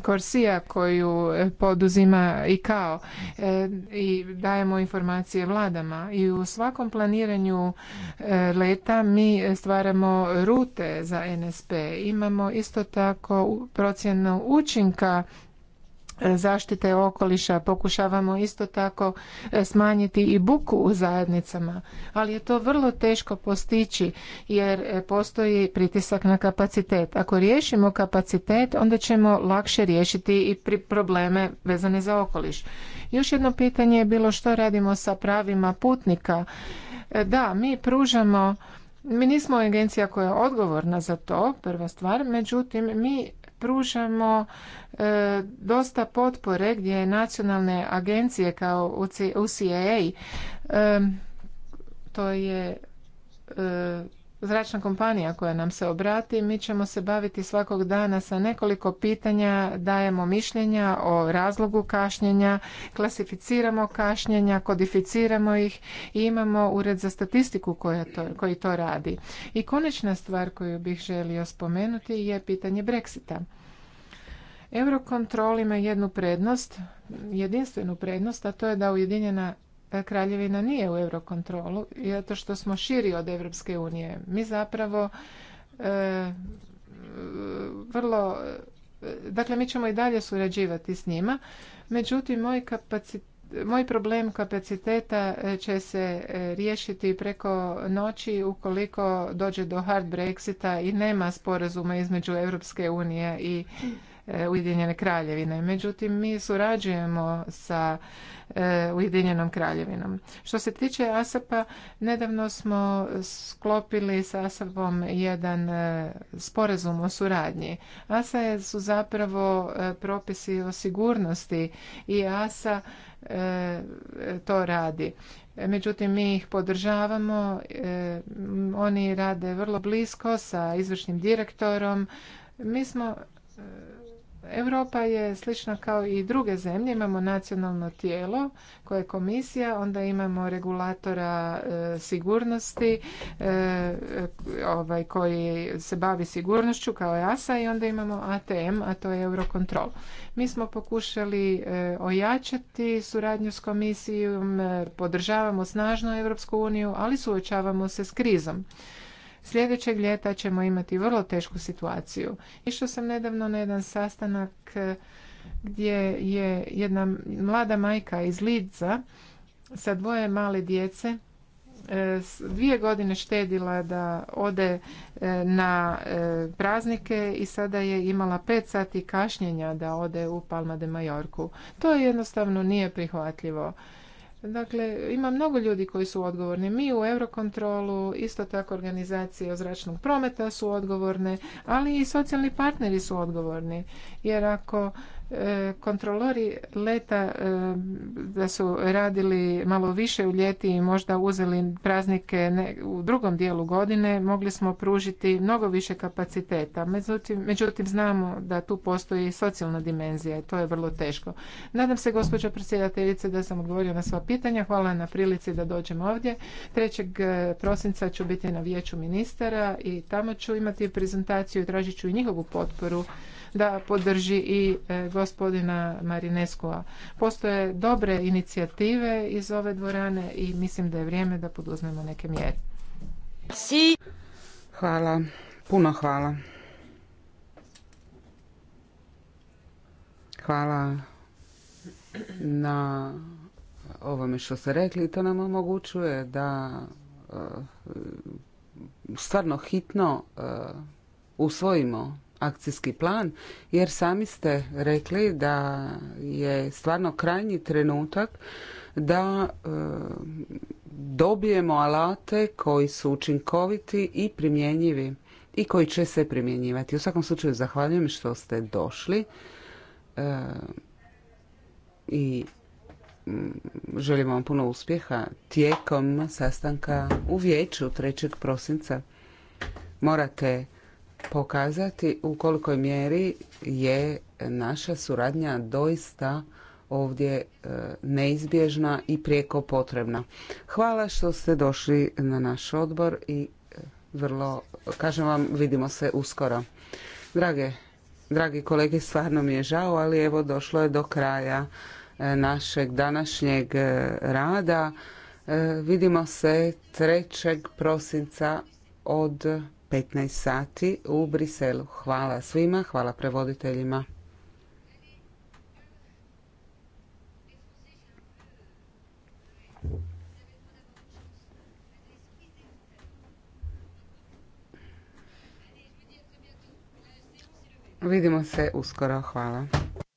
Korsija e, koju poduzima i kao e, i dajemo informacije vladama i u svakom planiranju e, leta mi stvaramo rute za NSP. Imamo isto tako procjenu učinka zaštite okoliša pokušavamo isto tako e, smanjiti i buku u zajednicama ali je to vrlo teško postići jer e, postoji pritisak na kapacitet ako riješimo kapacitet onda ćemo lakše riješiti i probleme vezane za okoliš još jedno pitanje je bilo što radimo sa pravima putnika e, da mi pružamo mi nismo agencija koja je odgovorna za to, prva stvar, međutim mi pružamo e, dosta potpore gdje nacionalne agencije kao UCAA, e, to je e, zračna kompanija koja nam se obrati, mi ćemo se baviti svakog dana sa nekoliko pitanja, dajemo mišljenja o razlogu kašnjenja, klasificiramo kašnjenja, kodificiramo ih i imamo ured za statistiku koji to radi. I konačna stvar koju bih želio spomenuti je pitanje Brexita. Eurokontrol ima jednu prednost, jedinstvenu prednost, a to je da Ujedinjena kraljevina nije u eurokontrolu zato što smo širi od Europske unije. Mi zapravo e, vrlo e, dakle mi ćemo i dalje surađivati s njima međutim moj kapacitet moj problem kapaciteta e, će se riješiti preko noći ukoliko dođe do hard Brexita i nema sporazuma između Europske unije i E, Ujedinjene kraljevine. Međutim, mi surađujemo sa e, Ujedinjenom kraljevinom. Što se tiče ASAP-a, nedavno smo sklopili s ASAP-om jedan e, sporazum o suradnji. ASA su zapravo propisi o sigurnosti i ASA to radi. Međutim, mi ih podržavamo, oni rade vrlo blisko sa izvršnim direktorom. Mi smo Europa je slična kao i druge zemlje. Imamo nacionalno tijelo koje je komisija, onda imamo regulatora e, sigurnosti e, ovaj, koji se bavi sigurnošću kao EASA i onda imamo ATM, a to je Eurocontrol. Mi smo pokušali e, ojačati suradnju s komisijom, podržavamo snažno Europsku uniju, ali suočavamo se s krizom. Sljedećeg ljeta ćemo imati vrlo tešku situaciju. Išao sam nedavno na jedan sastanak eh, gdje je jedna mlada majka iz Lidza sa dvoje male djece eh, dvije godine štedila da ode eh, na praznike i sada je imala pet sati kašnjenja da ode u Palma de Majorku. To jednostavno nije prihvatljivo. Dakle, ima mnogo ljudi koji su odgovorni. Mi u Eurokontrolu, isto tako organizacije o zračnog prometa su odgovorne, ali i socijalni partneri su odgovorni. Jer ako kontrolori leta e, da su radili malo više u ljeti i možda uzeli praznike u drugom dijelu godine, mogli smo pružiti mnogo više kapaciteta. Međutim, međutim znamo da tu postoji socijalna dimenzija i to je vrlo teško. Nadam se, gospođo predsjedateljice, da sam odgovorila na sva pitanja. Hvala na prilici da dođem ovdje. 3. E, prosinca ću biti na vijeću ministara i tamo ću imati prezentaciju i tražit ću i njihovu potporu da podrži i e, gospodina Marineskova. Postoje dobre inicijative iz ove dvorane i mislim da je vrijeme da poduzmemo neke mjere. Hvala, puno hvala. Hvala na ovome što ste rekli. To nam omogućuje da e, stvarno hitno e, usvojimo akcijski plan jer sami ste rekli da je stvarno krajnji trenutak da e, dobijemo alate koji su učinkoviti i primjenjivi i koji će se primjenjivati. U svakom slučaju zahvaljujem što ste došli e, i mm, želim vam puno uspjeha tijekom sastanka u vijeću 3. prosinca. Morate pokazati u kolikoj mjeri je naša suradnja doista ovdje e, neizbježna i prijeko potrebna. Hvala što ste došli na naš odbor i e, vrlo, kažem vam, vidimo se uskoro. Drage, dragi kolege, stvarno mi je žao, ali evo došlo je do kraja e, našeg današnjeg rada. Vidimo se 3. prosinca od 15 sati u Briselu. Hvala svima, hvala prevoditeljima. Vidimo se uskoro, hvala.